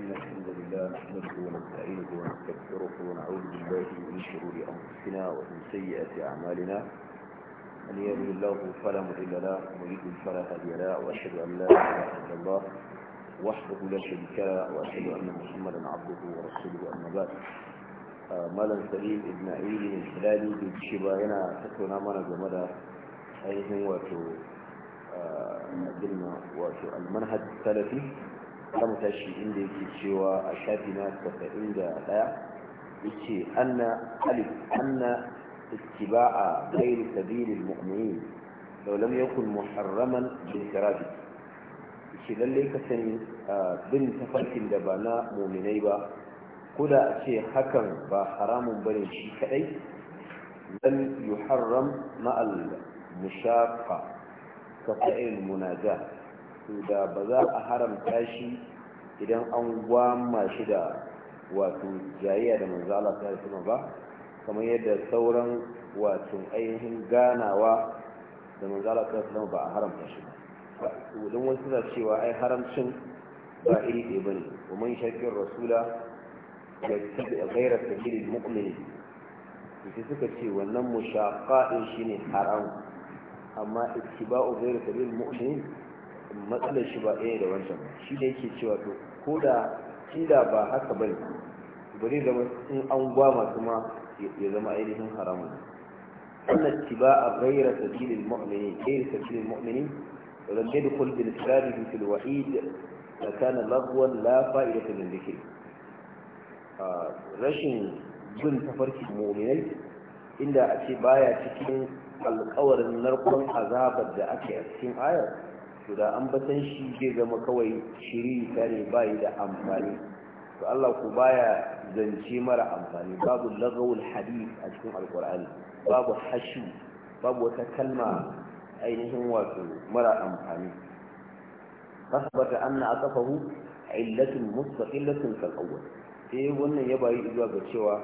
إن الحمد لله نحمده ونستعينه ونستغفره ونعوذ بالله من شرور أنفسنا ومن سيئات أعمالنا من يهده الله فلا مضل له ومن يضلل فلا هادي له وأشهد أن لا إله إلا الله وحده لا شريك له وأشهد أن محمدا عبده ورسوله أما بعد آه، مالا سليم ابن عيد الهلالي بالشبا تكون أمانا جمدا أيهم آه، واتو المنهج السلفي kama tashi inda yake cewa a shafi na 71 yace anna alif anna a ghayr sabilil mu'minin law ya yakun muharraman bi karabi yace lallai ka sani bin tafarkin da ba na mu'minai ba ko a ce hakan ba haramun bane shi kadai lan yuharram ma'al mushaqqa ka fa'il munajat to da ba za a haramta shi idan an gwama shi da wato jayayya da manzo Allah ta rasu ba kamar yadda sauran wato ainihin ganawa da manzo Allah ta rasu ba a haramta shi ba don wasu suna cewa ai haramcin ba iri ɗaya bane kuma man shafin rasula gaira ta sabilil mu'minin sai suka ce wannan mushaqa shi shine haram amma ittiba'u ghayra sabilil mu'minin matsalar shi ba ɗaya da wancan shi ne yake cewa to ko da kila ba haka bane ba zai zama in an gwama kuma ya zama ainihin haramun wannan tiba a gaira sabilin mu'mini gaira sabilin mu'mini ولم يدخل بالإسلام في da لكان لغوا لا فائدة ta ذكر rashin bin tafarki muminai inda a ce baya cikin alkawarin narkon azabar da ake a cikin ayar to da an batan shi zai zama kawai shiri ta ne bayi da amfani to Allah ku baya zance mara amfani babu lagawul hadith a cikin alkur'ani babu hashu babu wata kalma ainihin wato mara amfani fasbata anna asafahu illatun mustaqillatun kal awwal sai eh, wannan ya bayi zuwa ga cewa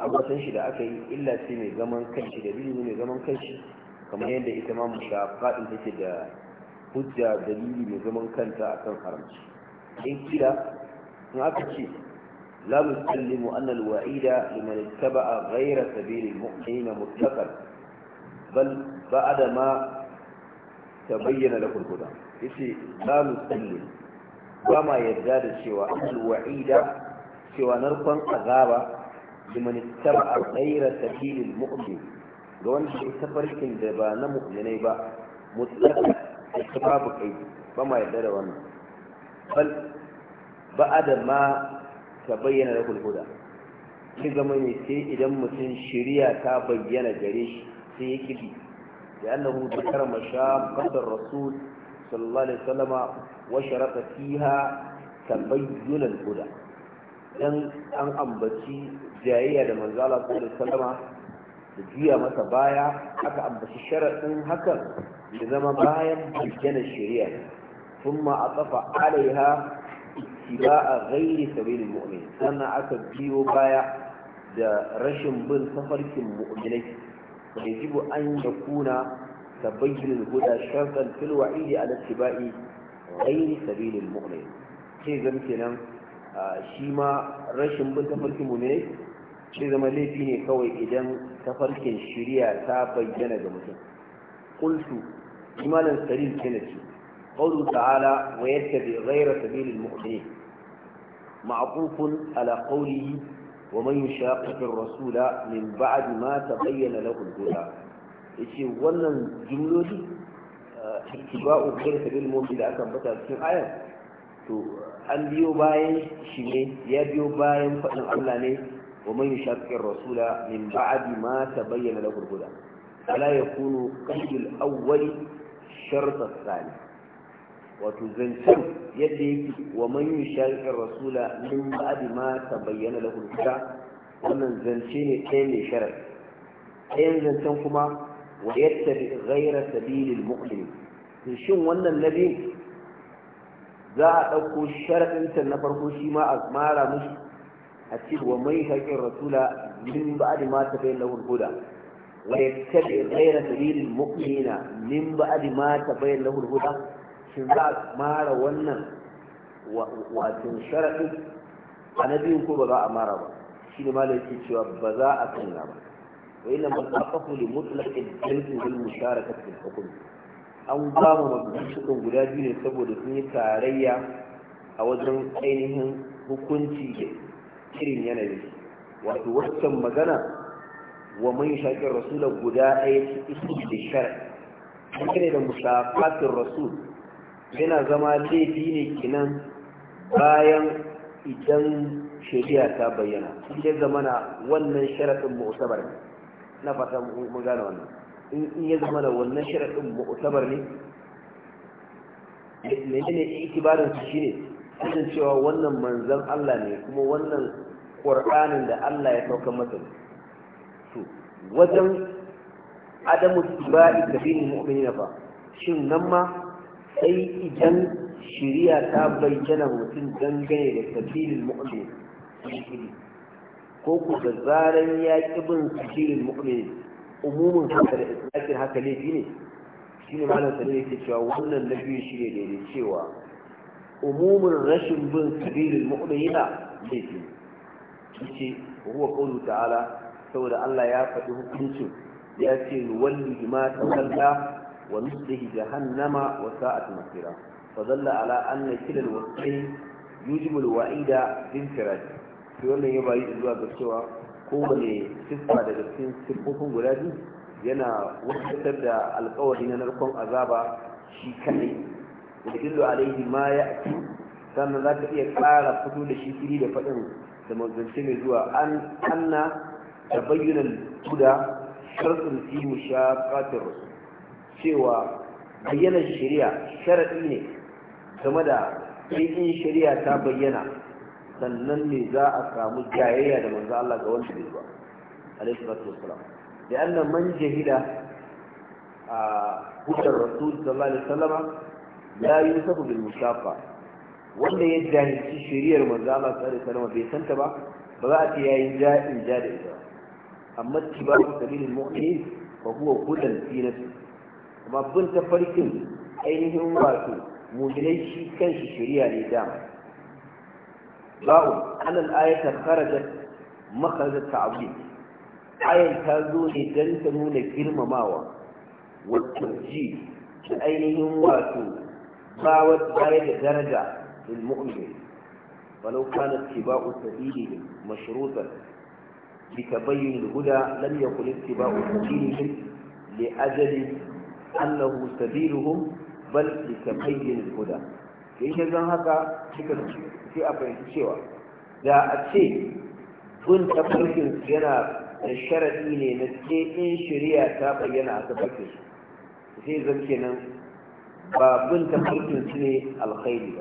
abusan ah, shi da aka yi illa sai mai zaman kanshi da bilimi mai zaman kanshi kamar yadda ita ma mushaqqatin take da hujja dalili mai zaman kanta a kan haramci in kira in aka ce la musallimu an alwa'ida liman ittaba'a ghayra sabilil mu'minina mutlaqan bal ba'da ma tabayyana lahu alhuda yace la musallim ba ma yarda da cewa alwa'ida cewa narkon azaba liman ittaba'a ghayra sabilil mu'min ga wanda ya tafarkin da ba na mu'minai ba mutlaqan da babu kai ba ma yarda da wannan bal ba'ada ma ta bayyana da kulhuda shi zama ne sai idan mutum shirya ta bayyana gare shi sai ya kibi da annahu zakara mashaqqatar rasul sallallahu alaihi wasallama wa sharata fiha tabayyunal huda dan an ambaci jayayya da manzo Allah sallallahu alaihi wasallama da jiya masa baya aka ambaci sharaɗin hakan da zama bayan bayyana shari'a sun ma a kafa alaiha ba a gairi sabirin mu'mini sannan aka biyo baya da rashin bin tafarkin mu'minai da jibu an yi kuna sabbin huda sharkan tilwa ili a nasi a gairi sabirin mu'mini ce zan kenan shi ma rashin bin tafarkin mu'minai shi zama laifi ne kawai idan tafarkin shirya ta bayyana ga mutum qultu imanan sarin kenaci qawlu ta'ala wa yattabi ghayra sabilil mu'minin ma'qufun ala qawlihi wa man yushaqiqir rasula min ba'di ma bayyana lahu al ya ce wannan jumloli eh, ittiba'u ghayra sabilil mu'minin da aka ambata cikin ayar to an biyo bayan shi ne ya biyo bayan faɗin Allah ne ومن يشرك الرسول من بعد ما تبين له الهدى فلا يكون قيد الأول شرط الثاني وتزنسل يدي ومن يشرك الرسول من بعد ما تبين له الهدى ومن زنسين كان شرط أين زنسنكما ويتبع غير سبيل المؤمن shin wannan النبي ذا a ɗauko انت na farko ما ma a a ce wa mai haƙin rasula min ba'ad ma ta bayyana lahu huda wa yattabi ghayra sabilil mu'minina min ba'ad ma ta bayyana lahu huda shin za mara wannan A na biyun ko ba za a mara ba shine malai yake cewa ba za a sanya ba wa inna mutaqafu li mutlaqil jinsi bil musharakati fil hukm an ba mu mutum guda biyu ne saboda sun yi tarayya a wajen ainihin hukunci irin yanayi wato waccan magana wa man shaƙin rasula guda ɗaya ce isu da shari'a ne da musafatin rasul yana zama laifi ne kinan bayan idan shari'a ta bayyana ya zama na wannan sharaɗin mu'tabar ne na fata mu gane wannan in ya zama na wannan sharaɗin mu'tabar ne menene itibarin su shine sanin cewa wannan manzan Allah ne kuma wannan ƙur'anin da Allah ya sauka masa to wajen adamu tibai da bin mu'minina ba, shin nan ma sai idan shiriya ta bayyana mutum dangane da sabilin mu'min ko ku da zaran ya ƙi bin sabilin mu'min umumin haka da islakin haka laifi ne shi ne malam sanin yake cewa wannan na biyu shi ne daidai cewa umumin rashin bin sabilin mu'minina laifi ne yace huwa qawlu ta'ala saboda Allah ya faɗi hukuncin ya ce nuwallihi ta tawalla wa nuslihi jahannama wa sa'at masira fa dalla ala anna kila alwasfayn yujibu alwa'ida bin firaj to wannan ya bayi zuwa ga cewa kowane siffa daga cikin siffofin guda biyu yana wadatar da alkawari na narkon azaba shi kadai wa dillu alaihi ma ya'ti sannan za ka iya ƙara fito da shi fili da faɗin da manzanci mai zuwa an anna da bayyanar guda sharfin fi mushaqatir rasul cewa bayyanar shari'a sharaɗi ne game da sai shari'a ta bayyana sannan ne za a samu jayayya da manzo Allah ga wanda bai ba alaihi salatu wassalam da anna man jahila a rasu rasul sallallahu alaihi wasallama la yusafu bil mushaqa wanda ya jahilci shiriyar manzo Allah sallallahu alaihi bai santa ba ba za a ce yayin jahil ja da ita amma tibaru sabilil mu'min fa huwa hudan fi nafsi amma bin tafarkin ainihin wato mu'minai shi kanshi shiriya ne dama ba'u anan ayatar kharajat makhrajat ta'zim ayan ta zo ne dan ta nuna girmamawa wa tarji da ainihin wato bawar bayar da daraja للمؤمن ولو كان اتباع سبيلهم مشروطا بتبين الهدى لم يكن اتباع سبيلهم لأجل أنه سبيلهم بل لتبين الهدى yayin zan haka suka sai a fahimci cewa da a ce kun tafarkin yana da sharaɗi ne na ce in shari'a ta bayyana a tafarkin sai zan kenan ba bin tafarkin su ne alkhairi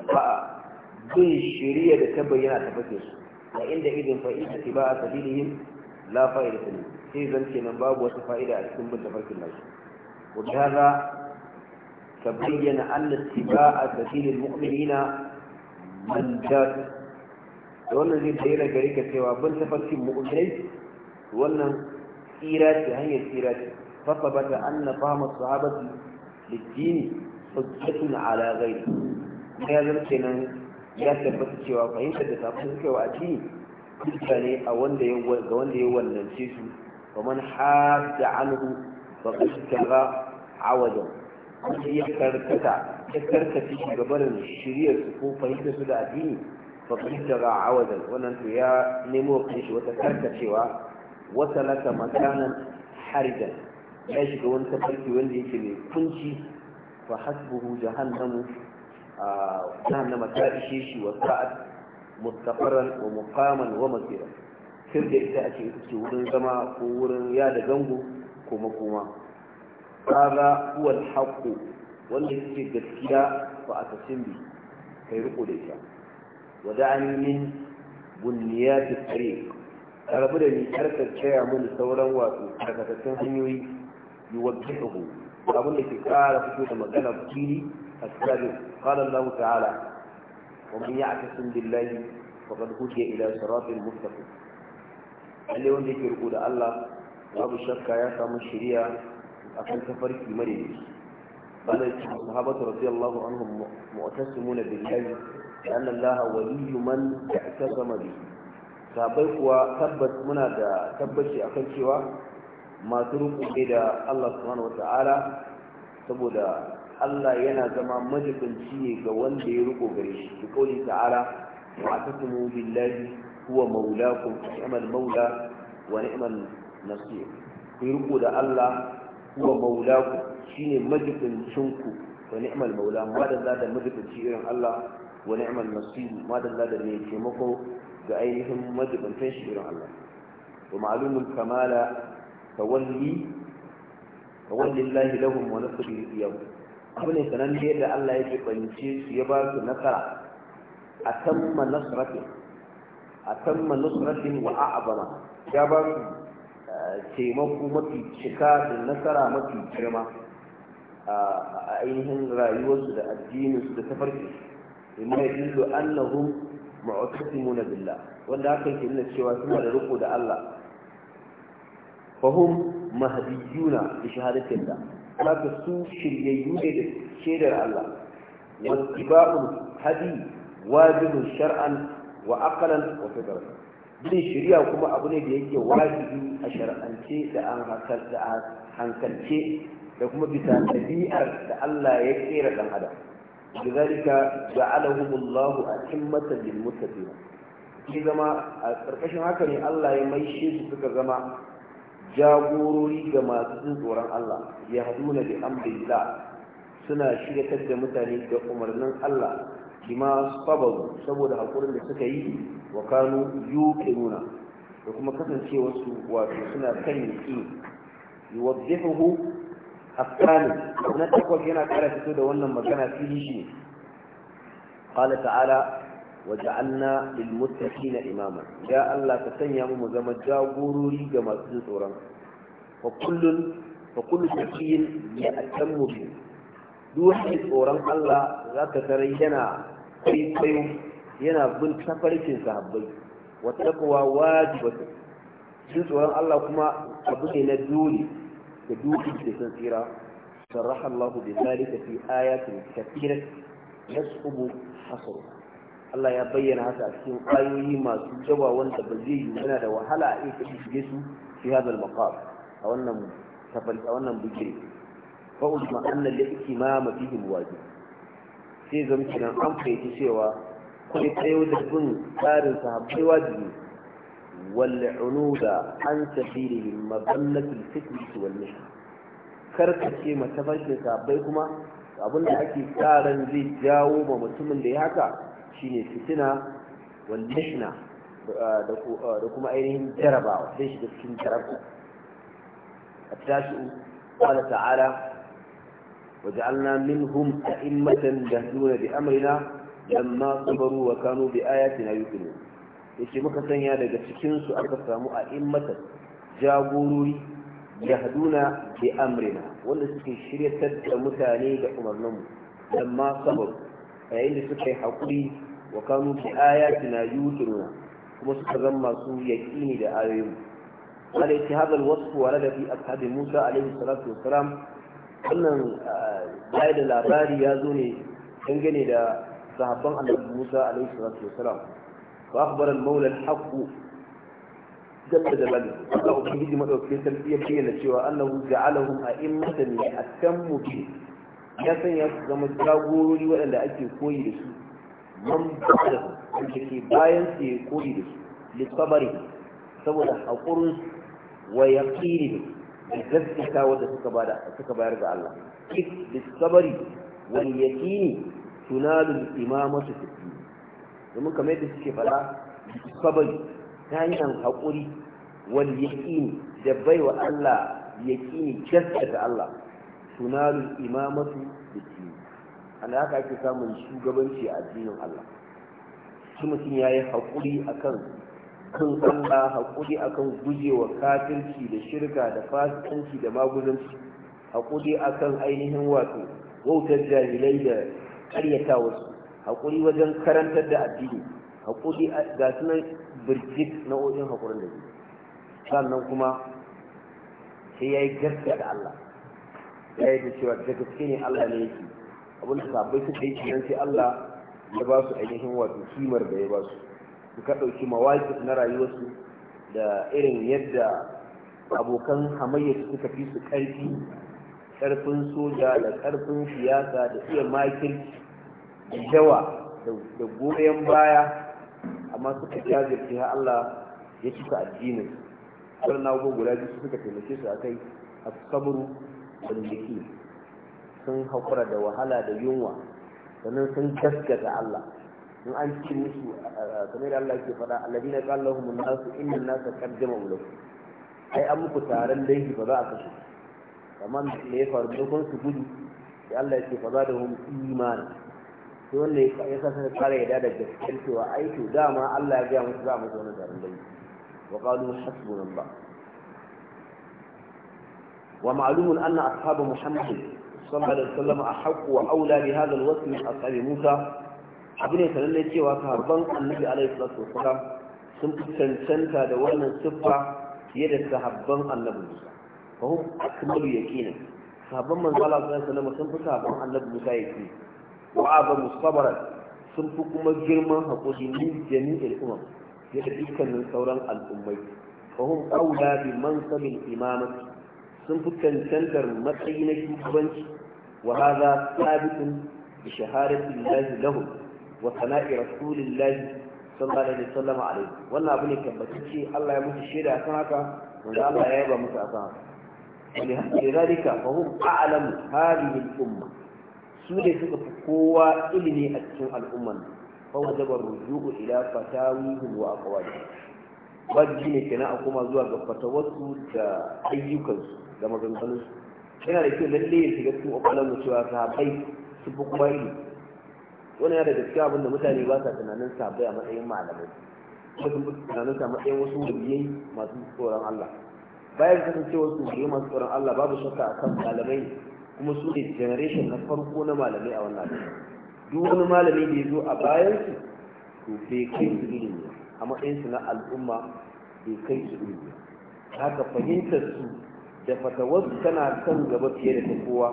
bin shari'a da ta bayyana ta fake su a inda idin fa'ida ta ba a sabilihim la fa'ida ta ne sai zan ce nan babu wata fa'ida a cikin bin tafarkin nasu وبهذا a أن اتباع سبيل المؤمنين da wannan zai bayyana gare ka cewa bin tafarkin mu'minai wannan tsira ce hanyar tsira ce fafa bata anna fahimar sahabati littini hujjatun ala ghairi ya zama kenan ya tabbata cewa fahimtar da sabon suka yi wa addini hujja ne a wanda ya ga wanda ya wallance su wa man hadda anhu fa qad tara awajan ya karkata ya karkace shi ga barin shiriyar su ko fahimtar su da addini fa qad tara awajan wannan to ya nemo kanshi wata karkacewa wata laka makanan harijan ya shiga wani tafarki wanda yake mai kunci fa hasbuhu jahannamu jahannama ta ishe shi wa sa'ad mustafaran wa muqaman wa masira sir da ita ake ita ce wurin zama ko wurin ya da gango kuma-kuma. kaga huwa alhaqu wanda yake gaskiya fa atasin bi kai riko da ita wada'ani min bunniyat at-tariq rabu da ni karkar tsaya mini sauran wato karkatattun hanyoyi yi wadda abin da ke kara fito da magana fili السابق قال الله تعالى ومن يعتصم بالله فقد هدي إلى صراط مستقيم اللي يقول الله shakka ya samu shiriya a kan tafarki madaidai sabai kuwa tabbas muna da tabbaci akan cewa masu ruku da Allah subhanahu wata'ala saboda Allah yana zama majibanci ne ga wanda ya riko gare shi da kauli ta'ala wa atasimu billahi huwa maulakum ni'mal maula wa ni'mal nasir ku riko da Allah huwa maulakum shine majibancin ku wa ni'mal maula ma da da majibanci irin Allah wa ni'mal nasir ma da da ne taimako ga ainihin majibancin shi irin Allah wa ma'lumul kamala tawalli فول الله لهم ونصر إياهم abu ne sananne da Allah ya keɓance su ya ba su nasara a tamma nasratin a tamma nasratin wa ya ba su eh, taimako mafi cika da nasara mafi girma a ainihin rayuwarsu da addininsu da tafarki imma ya dillo annahum mu'tasimuna billah wanda haka ke nuna cewa suna da riko da Allah fahum mahadiyuna bi shahadatin da haka su shiryayyu ne da shaidar Allah wattiba'ul hadi wajibun shar'an wa aqlan wa fitratan bin shirya kuma abu ne da yake wajibi a shar'ance da an hankalce da kuma bisa ɗabi'ar da Allah ya kera dan adam لذلك جعلهم الله أئمة للمتقين shi zama a ƙarƙashin haka ne Allah ya mai shi su suka zama jagorori ga masu jin tsoron Allah ya haduna bi suna shigatar da mutane ga umarnin Allah bima sabaru saboda hakurin da suka yi wa kanu nuna, da kuma kasancewarsu wato suna kan yaki yuwaddihu afkani na takwas yana kara fito da wannan magana fili shi qala ta'ala waja'alna lil muttaqina imama ya Allah ka sanya mu zama jagorori ga masu jin tsoron fa kullun fa kullu taqiyin ya atammu bi duk wani tsoron Allah za ka tare yana kwaikwayo yana bin tafarkin sahabbai wa taqwa wajibatu jin tsoron Allah kuma abu ne na dole da duk da tsira sarraha Allah bi zalika fi ayatin kathira yasqubu hasruha Allah ya bayyana haka a cikin ayoyi masu jawa wanda ba zai yi yana da wahala a iya kashi shige su fi al maqam a wannan tafarki a wannan bukire fa ulama anna al-ikmama fihi wajib sai zama nan an fahimci cewa kai tsayo da bin tsarin sahabbai wajibi والعنود عن سبيله مظلة الفتنة والمحن كركشي ما تفشل سابيكما abin abinda ake tsarin zai jawo ma mutumin da ya haka shine fitina wal da kuma ainihin jarabawa sai shiga cikin jarabawa التاسع قال تعالى وجعلنا منهم أئمة يهدون بأمرنا لما صبروا وكانوا بآياتنا ya ce muka sanya daga cikinsu aka samu a immatan jagorori yahduna bi amrina wanda suke shiryatar da mutane da umarninmu amma sabar a yayin da suka yi haƙuri wa kanu bi ayatina yuqinuna kuma suka zama masu yaqini da ayoyin قال هذا الوصف ورد في أصحاب موسى عليه الصلاة والسلام wannan ah, bayar da labari ya zo ne dangane da sahabban annabi Musa alaihi salatu wasalam wa akhbar al-mawla al-haq jalla jalali da ubangiji madaukakin sarki ya bayyana cewa annahu ja'alahum a'immatan li atammu bi ya sanya su zama jagorori waɗanda ake koyi da su man da wanda ke bayan su ya koyi da su lissabari saboda haƙurin wa ƙiri da gaskata wadda suka bayar ga Allah ik lissabari wal da tunalul su fi domin kamar yadda suke fara lissabari ta hanyar haƙuri wal yaƙini da bai wa Allah yaƙini gaskata Allah tunalul imamatu da ana haka ake samun shugabanci a addinin Allah shi mutum ya yi haƙuri a kan kan Allah haƙuri a kan gujewa kafirci da shirka da fasikanci da maguzanci haƙuri a kan ainihin wato wautar jahilai da ƙaryata wasu haƙuri wajen karantar da addini haƙuri ga sunan na wajen haƙurin da sannan kuma sai ya yi gaskiya da Allah rinjaye da cewa da gaske ne Allah ne yake abin da sabai suka yi kiran sai Allah ya ba su ainihin wato kimar da ya ba su ka ɗauki mawaki na rayuwarsu da irin yadda abokan su suka fi su karfi ƙarfin soja da ƙarfin siyasa da iya makin da yawa da goyon baya amma suka jajirce har Allah ya cika addinin sannan guda biyu suka taimake su a kai a kaburu. jiki sun haƙura da wahala da yunwa sannan sun gaskata Allah in an ci musu kamar da Allah ke faɗa alladina qala lahum an-nasu inna an-nasa qad jama'u lakum ai an muku taron dangi ba za a kashe amma me ya faru da su gudu sai Allah ya ce fa hum imani to wanda ya sa sai kare yada da gaskiyar cewa ai to dama Allah ya ga musu za mu zo na taron dangi wa qalu hasbunallah ومعلوم أن أصحاب محمد صلى الله عليه وسلم أحق وأولى بهذا الوصف أصحاب موسى abin da sanar da cewa sahabban annabi alaihi sun fi cancanta da wannan siffa fiye da sahabban annabi Musa fa hum akmalu yaqina sahabban manzo Allah sallallahu alaihi wasallam sun fi sahabban annabi Musa yaqini wa aba musabara sun fi kuma girman hakuri min jami'il umam fiye da dukkanin sauran al'ummai fa hum aula bi sun fi cancantar matsayi na shugabanci wa haza sabitun bi shahadati lillahi lahum wa sana'i rasulillahi sallallahu alaihi wasallam alaihi wannan abu ne tabbatacce Allah ya musu shaida akan haka wanda Allah ya yaba musu akan haka wani hakki zalika fa hum a'lamu hadhihi al-umma su ne suka fi kowa ilimi a cikin al'umman fa wajaba ruju'u ila fatawihim wa aqwalihim wajibi ne kenan a koma zuwa ga fatawarsu da ayyukansu da maganganunsu yana da kyau lalle ya shiga cikin ƙwaƙwalar mu cewa sahabai su fi kuma ilimi wannan yana da gaskiya abinda mutane ba sa tunanin sahabbai a matsayin malamai kuma sun fi tunanin sa matsayin wasu waliyai masu tsoron Allah bayan kasance wasu waliyai masu tsoron Allah babu shakka akan malamai kuma su ne generation na farko na malamai a wannan duk wani malami da ya zo a bayansu to bai kai su ilimi a matsayinsu na al'umma bai kai su ilimi haka fahimtar su da fatawar tana kan gaba fiye da ta kowa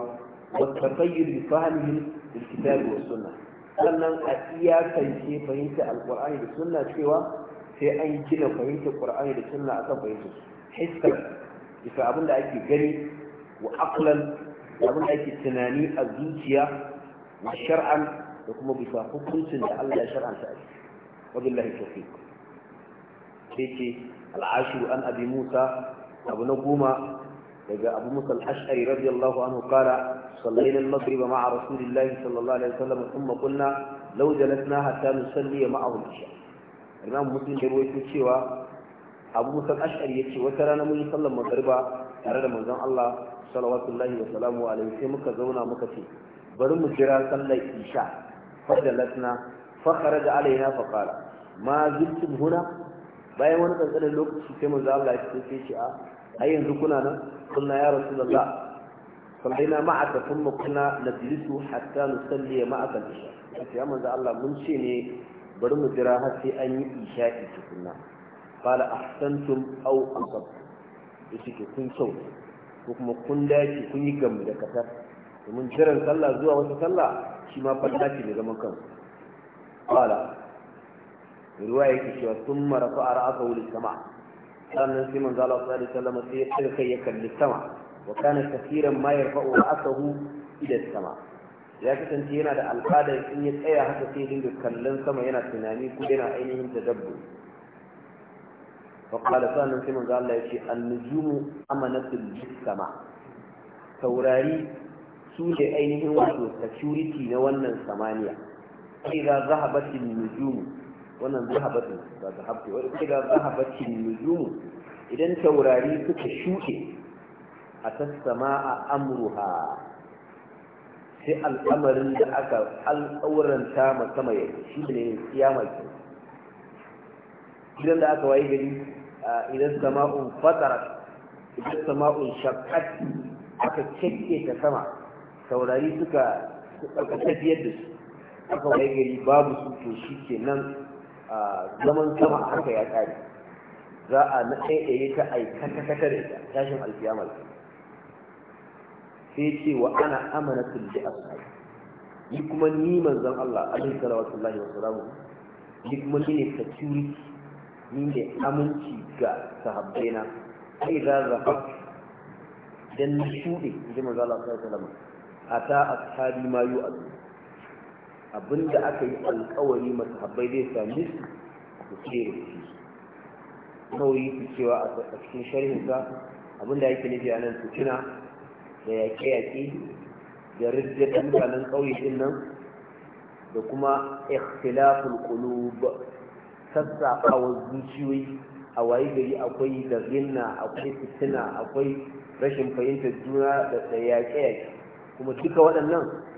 wasu tafayyar bi da littafi da sunna sannan a iyakance fahimtar alƙur'ani da suna cewa sai an gina fahimtar ƙur'ani da sunna akan fahimtar su hiskar bisa abin da ake gani wa aqlan abin da ake tunani a zuciya wa shar'an da kuma bisa hukuncin da Allah ya shar'anta a ciki wabillahi sai ce al'ashu an abi musa abu na goma daga abu musa al'ashari radiyallahu anhu kara sallaina al-maghrib ma'a rasulillahi sallallahu alaihi wasallam thumma qulna law jalasna hatta nusalli ma'ahu al-isha imam muslim da rawaito cewa abu musa al'ashari ce wata rana mun yi sallar magriba tare da manzon Allah salawatullahi wa salamu alaihi sai muka zauna muka ce bari mu jira sallar isha fadalatna fa kharaja alaina fa qala ma ziltum huna bayan wani kankanin lokaci sai manzo Allah ya ce sai ce a har yanzu kuna nan kunna ya rasulullah sallaina ma'aka thumma kunna najlisu hatta nusalli ma'aka al-isha sai ya manzo Allah mun ce ne bari mu jira har sai an yi isha'i tukunna qala ahsantum aw asabtum yace ke kun kyau ko kuma kun dace kun yi gamu da kasar domin jiran sallah zuwa wata sallah shi ma falla ce ne zaman kansu qala ruwa yake cewa sun marafa a ra'asa wuli sama sannan sai manzo Allah sallallahu alaihi wasallam sai ya tsaka kai ya kalli sama wa kana kafiran ma yarfa'u ra'sahu ila sama ya kasance yana da al'ada in ya tsaya haka sai dinga kallon sama yana tunani ko yana ainihin tadabbu فقال سالم سيمن قال الله يشي النجوم أمنة السماء توراري سولة أينه وحده security نوانا السمانية إذا ذهبت nujumu. wannan zahabatin ba zahabti wani kira zahabatin nujumu idan taurari suka shuke a tassama a amruha sai al'amarin da aka al'auranta masama ya shi ne kiyama ke idan da aka waye gari idan sama'un fatara idan sama'un shakkat aka kekke ta sama taurari suka tafiyar yadda su aka waye gari babu su to shi ke nan zaman sama haka ya ƙare za a na ɗaiɗaye ta aikata kata da ita tashin alkiyama sai ce wa ana amana tulli a sahabi ni kuma ni manzon Allah alaihi salawatu Allah wa salamu ni kuma ni ne security ni ne aminci ga sahabbaina sai za zafa dan shuɗe in ji manzon Allah sallallahu alaihi wasallam ata ashabi ma yu'adu abinda aka yi alkawari abai zai sami su su tsere su nauyi su cewa a cikin sharhinsa abinda yake nufi a nan fitina da yaƙe-yaƙe da rijjar mutanen ƙauye din nan da kuma ikhtilaful qulub sassafawar zuciyoyi a waye gari akwai zarginna akwai fitina akwai rashin fahimtar juna da yaƙe-yaƙe kuma duka waɗannan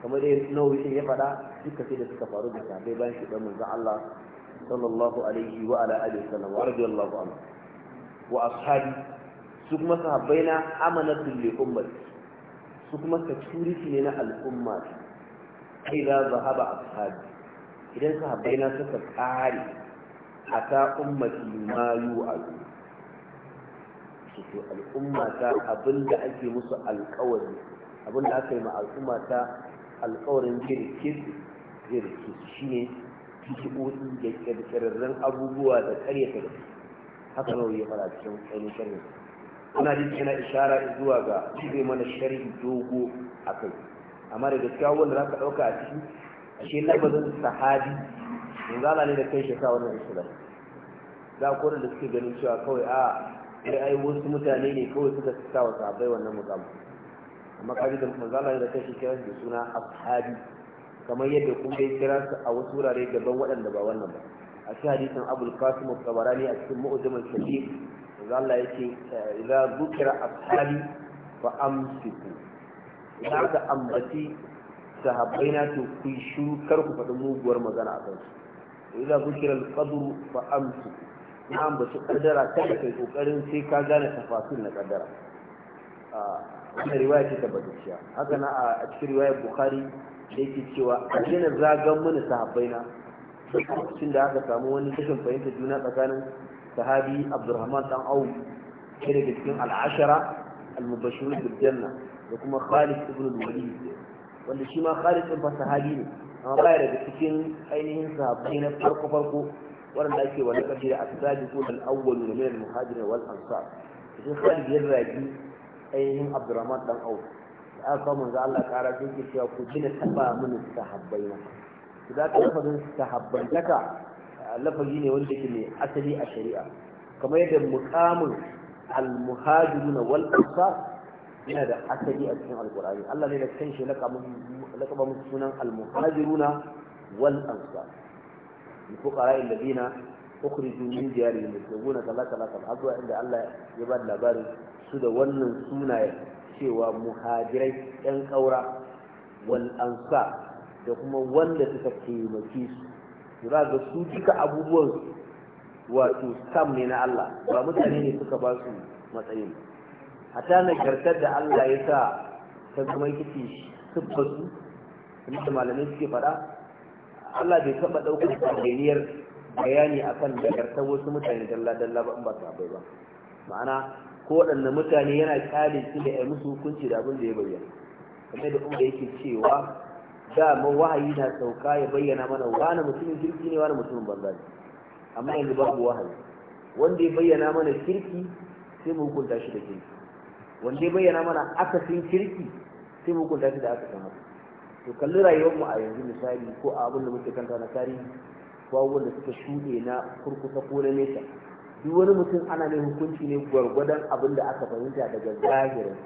kamar dai nawawi ya faɗa duka sai da suka faru da sahabbai bayan shi dan manzon Allah sallallahu alaihi wa ala alihi wasallam wa radiyallahu anhu wa ashabi su kuma sahabbai na amanatul li ummati su kuma security ne na al'umma za idza zahaba ashabi idan sahabbai na suka kare ata ummati ma yu'adu su to al'umma ta abinda ake musu alƙawari abinda aka yi ma al'umma ta alkawarin jirkis jirkis shi ne tikiɓoɗi da ƙirƙirarren abubuwa da ta da haka nawa ya fara cikin tsanin sharhi ana jin yana ishara zuwa ga zai mana shari'a dogo a kai amma da gaskiya wanda za ka ɗauka a ciki ashe labarin sahabi yanzu ana ne da kai shi sa wannan islam za ku da suke ganin cewa kawai a ah, ai wasu mutane ne kawai suka sa wa sahabai wannan mukamu amma kaji da manzala da kashi shi kira da suna ashabi kamar yadda kun dai kira su a wasu wurare daban waɗanda ba wannan ba a cikin hadisin abul qasim tabarani a cikin mu'jam al-kabir manzala yake idza zukira ashabi fa amsiku idan ka ambaci sahabbaina to ku shiru kar ku faɗi muguwar magana a kansu idza zukira al-qadru fa amsiku na ambaci kaddara kada kai kokarin sai ka gane tafasil na kaddara ah, wannan riwaya ce tabbatacciya haka na a cikin riwayar bukhari da yake cewa a daina zagan mana sahabbai na lokacin da aka samu wani tashin fahimtar juna tsakanin sahabi abdurrahman dan awu ɗaya daga cikin al'ashara al-mubashirun bil janna da kuma khalid ibn al-walid wanda shi ma khalid ibn sahabi ne amma baya daga cikin ainihin sahabbai na farko farko waɗanda ake wani ƙarfi da asabi ko al-awwal min al-muhajirin wal ansar sai khalid ya ragi ainihin abdurrahman dan auf da aka kawo manzo Allah kara duki cewa ku gina taba mini sahabbai na Ku za ka lafazin sahabbantaka lafazi ne wanda ke mai asali a shari'a kamar yadda muqamin al-muhajirun wal ansar yana da asali a cikin alqur'ani Allah ne da kanshi laqaba mun sunan al-muhajiruna wal ansar الفقراء الذين أخرجوا من ديارهم يبتغون كذا كذا كذا عند الله يبان لبارك su da wannan sunayen cewa muhajirai yan ƙaura, wal'ansa, da kuma wanda suka taimake su za ga su duka abubuwan wato sam ne na Allah ba mutane ne suka ba su matsayin hata gartar da Allah ya sa ta zama kici siffatu kuma da malamai suke faɗa Allah bai taɓa ɗaukar tsadaniyar bayani akan gartar wasu mutane dalla-dalla ba in ba ba ma'ana ko waɗanne mutane yana kyalin su da ya musu hukunci da abin da ya bayyana kamar da umar yake cewa dama wahayi na sauka ya bayyana mana wani mutumin kirki ne wani mutumin banza ne amma yanzu babu wahayi wanda ya bayyana mana kirki sai mu hukunta shi da kirki wanda ya bayyana mana akasin kirki sai mu hukunta shi da akasin haka to kalli rayuwar mu a yanzu misali ko a abin da muke kanta na tarihi ko abubuwan da suka shuɗe na kurkusa ko na nesa duk wani mutum ana mai hukunci ne gwargwadon abin da aka fahimta daga zahirin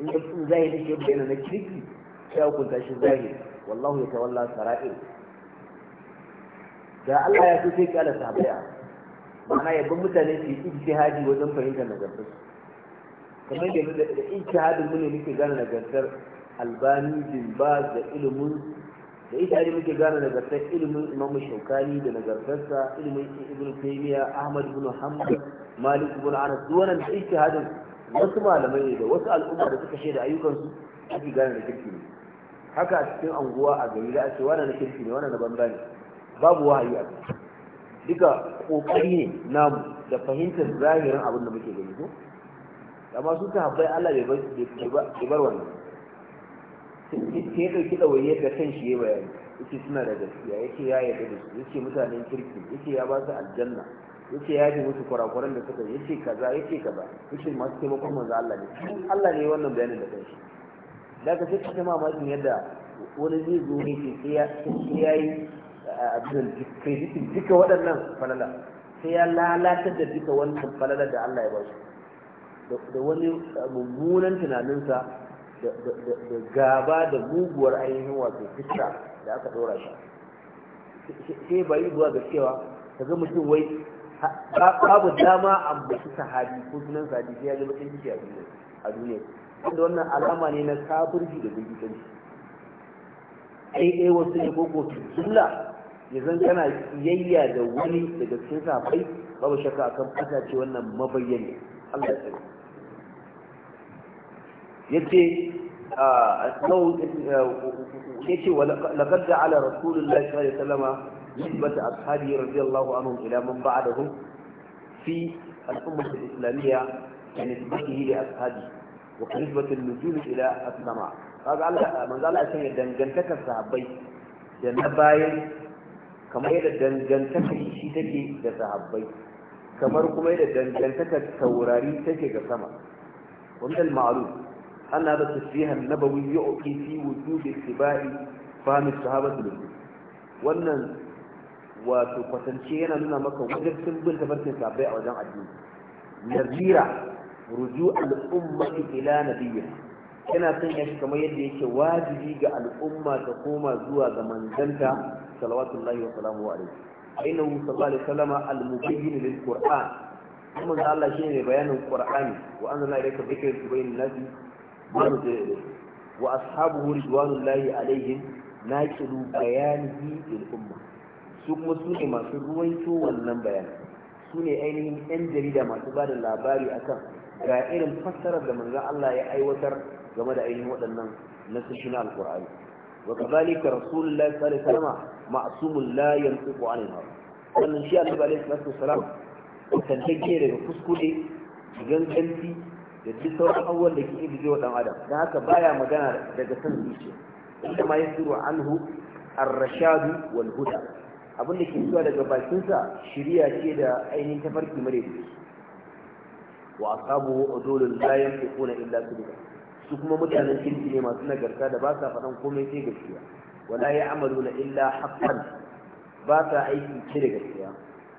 in da sun zahiri ke bayyana na kirki sai hukunta shi zahiri wallahu ya tawalla sara'i da Allah ya so sai kyala sabaya ma'ana bin mutane su yi ijtihadi wajen fahimta na nagartar kamar da da ijtihadin mu ne muke gane nagartar albani bin da ilimin da ita ne muke gane nagartar ilimin imam shaukani da nagartarsa ilimin ibn taymiya ahmad ibn hanbal malik ibn anas duk wannan da hadin wasu malamai ne da wasu al'umma da suka shaida ayyukansu ake gane da kirki ne haka a cikin anguwa a gari da ake wannan na kirki ne wannan na banza ne babu wahayi a duka kokari ne namu da fahimtar zahirin abin da muke gani ko amma su ta habbai Allah bai bar wannan sai ya ɗauki ɗawaye ga kan shi ya bayani yake suna da gaskiya yake ya yarda da su yake mutanen kirki yake ya ba su aljanna yake ya ji musu kurakuran da suka yake kaza yake kaza yake masu taimakon manzo Allah ne Allah ne wannan bayanin da kan shi da ka sai kuma mamakin yadda wani zai zo ne sai ya yi eh, abin kreditin duka waɗannan falala sai ya lalatar da duka wannan falala da Allah ya ba da wani eh, mummunan tunaninsa da gaba da muguwar ainihin wato fitra da aka ɗora shi sai ba yi zuwa ga cewa ta ga mutum wai babu dama ambaci sahabi ko sunan sahabi sai ya zama cin jiki a duniya wanda wannan alama ne na kafirci da bincikanci ai ai wasu ne koko sulla ya zan kana yayya da wani daga cikin sahabbai babu shakka akan fata ce wannan mabayyane Allah ya tsare yace ah, yace laqad ja'ala rasulullahi sallallahu alaihi wasallam nisbat ashabi radiyallahu anhum ila man ba'dahum fi al-ummah al-islamiyya nisbatihi li ashabi wa nisbatu an-nujum ila as-sama kaga Allah manzo Allah ya dangantakar sahabbai da na bayan kamar yadda dangantaka shi take da sahabbai kamar kuma yadda dangantaka taurari take ga sama wannan ma'lum أن هذا التشبيه النبوي يعطي في وجوب اتباع فهم الصحابة لهم وأن وتقتنشينا لنا مكة وجب سنبل تفرسن كعباء وجمع الدين نذيرة رجوع الأمة إلى نبيها yana son ya kamar yadda yake wajibi ga al'umma ta koma zuwa ga manzanta salawatullahi wa salamu alaihi ainihu sallallahu alaihi al-mubayyin lil qur'an kuma Allah shine mai bayanin qur'ani wa anzalna ilayka dhikra lin wa ashabuhu ridwanullahi alaihim naqilu bayanihi lil umma su kuma su ne masu ruwaito wannan bayanin su ne ainihin yan jarida masu ba da labari akan ga irin fassarar da manzon Allah ya aiwatar game da ainihin waɗannan nasoshin alqur'ani wa kadhalika rasulullahi sallallahu alaihi wasallam ma'sumun la yantiqu anil hawa wannan shi annabi alaihi salatu wasalam tantake daga kuskure ganganci da duk sauran abubuwan da ke ibije wa dan adam dan haka baya magana daga san zuciya inda ma yasiru anhu ar-rashad wal huda abin da ke zuwa daga bakinsa shiriya ce da ainihin tafarki mare wa asabu udulul la yanfiquna illa sidqa su kuma mutanen kirki ne masu nagarta da ba sa faɗan komai sai gaskiya wala ya'maluna illa haqqan ba sa aiki ce da gaskiya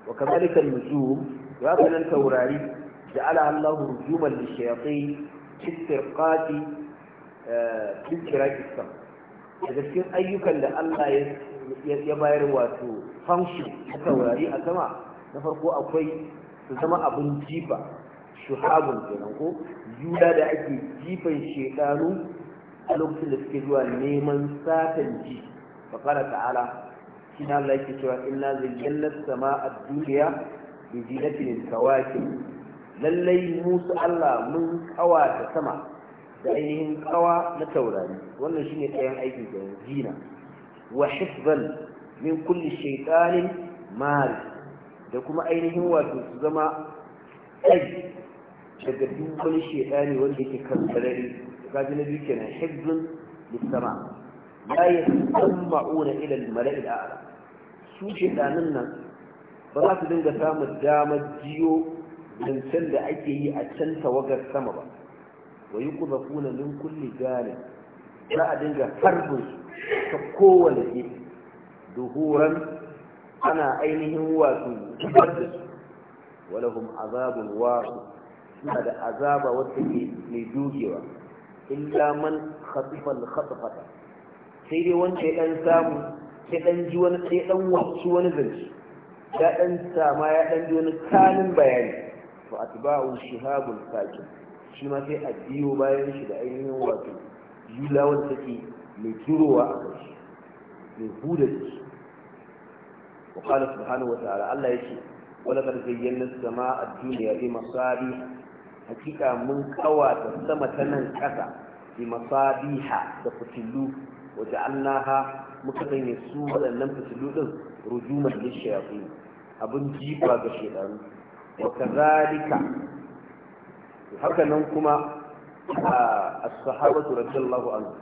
wa kamalikal an-nujum wa taurari ja'alaha Allahu rujuman lishayatin fi firqati fi kiraqisam daga cikin ayyukan da Allah ya bayar wato function na taurari a sama na farko akwai su zama abin jifa shuhabun kenan ko juna da ake jifan shekaru a da suke zuwa neman satan ji fakara ta'ala shi na Allah yake cewa inna zayyana sama'a duniya bi zinatin kawakib lallai musu Allah mun kawa ta sama da ainihin kawa na taurari wannan shine kayan aiki da zina wa hifzan min kulli shaytanin mari da kuma ainihin wato su zama tsari daga duk wani shaytani wanda yake kankarare kaji na biyu kenan hifzan lissama la yasamma'una ila al-mala'il a'la su shaytanin nan ba za su dinga samun damar jiyo can da ake yi a can tawagar sama ba wa yi kuma kuna min kulli gane za a dinga harbin ta kowane gefe duhuran ana ainihin wasu zubar da su walahum azabun wasu suna da azaba wata ke mai dogewa illa man khatifal khatifata sai dai wanda ya dan samu sai dan ji wani sai dan wasu wani zance ya dan sama ya dan ji wani kanin bayani fa atba'u shihabul faqih shi ma sai a biyo bayan shi da ainihin wato yula wanda take mai turowa a kan mai huda shi wa qala subhanahu wa ta'ala Allah yake wala qad zayyana as-samaa ad-dunya bi masabih hakika mun kawata sama ta nan kasa bi masabiha da fitilu wa ja'alnaha muka sanya su waɗannan fitilu din rujuman lishayatin abin jifa ga shekaru wa kazalika haka nan kuma as-sahabatu radiyallahu anhu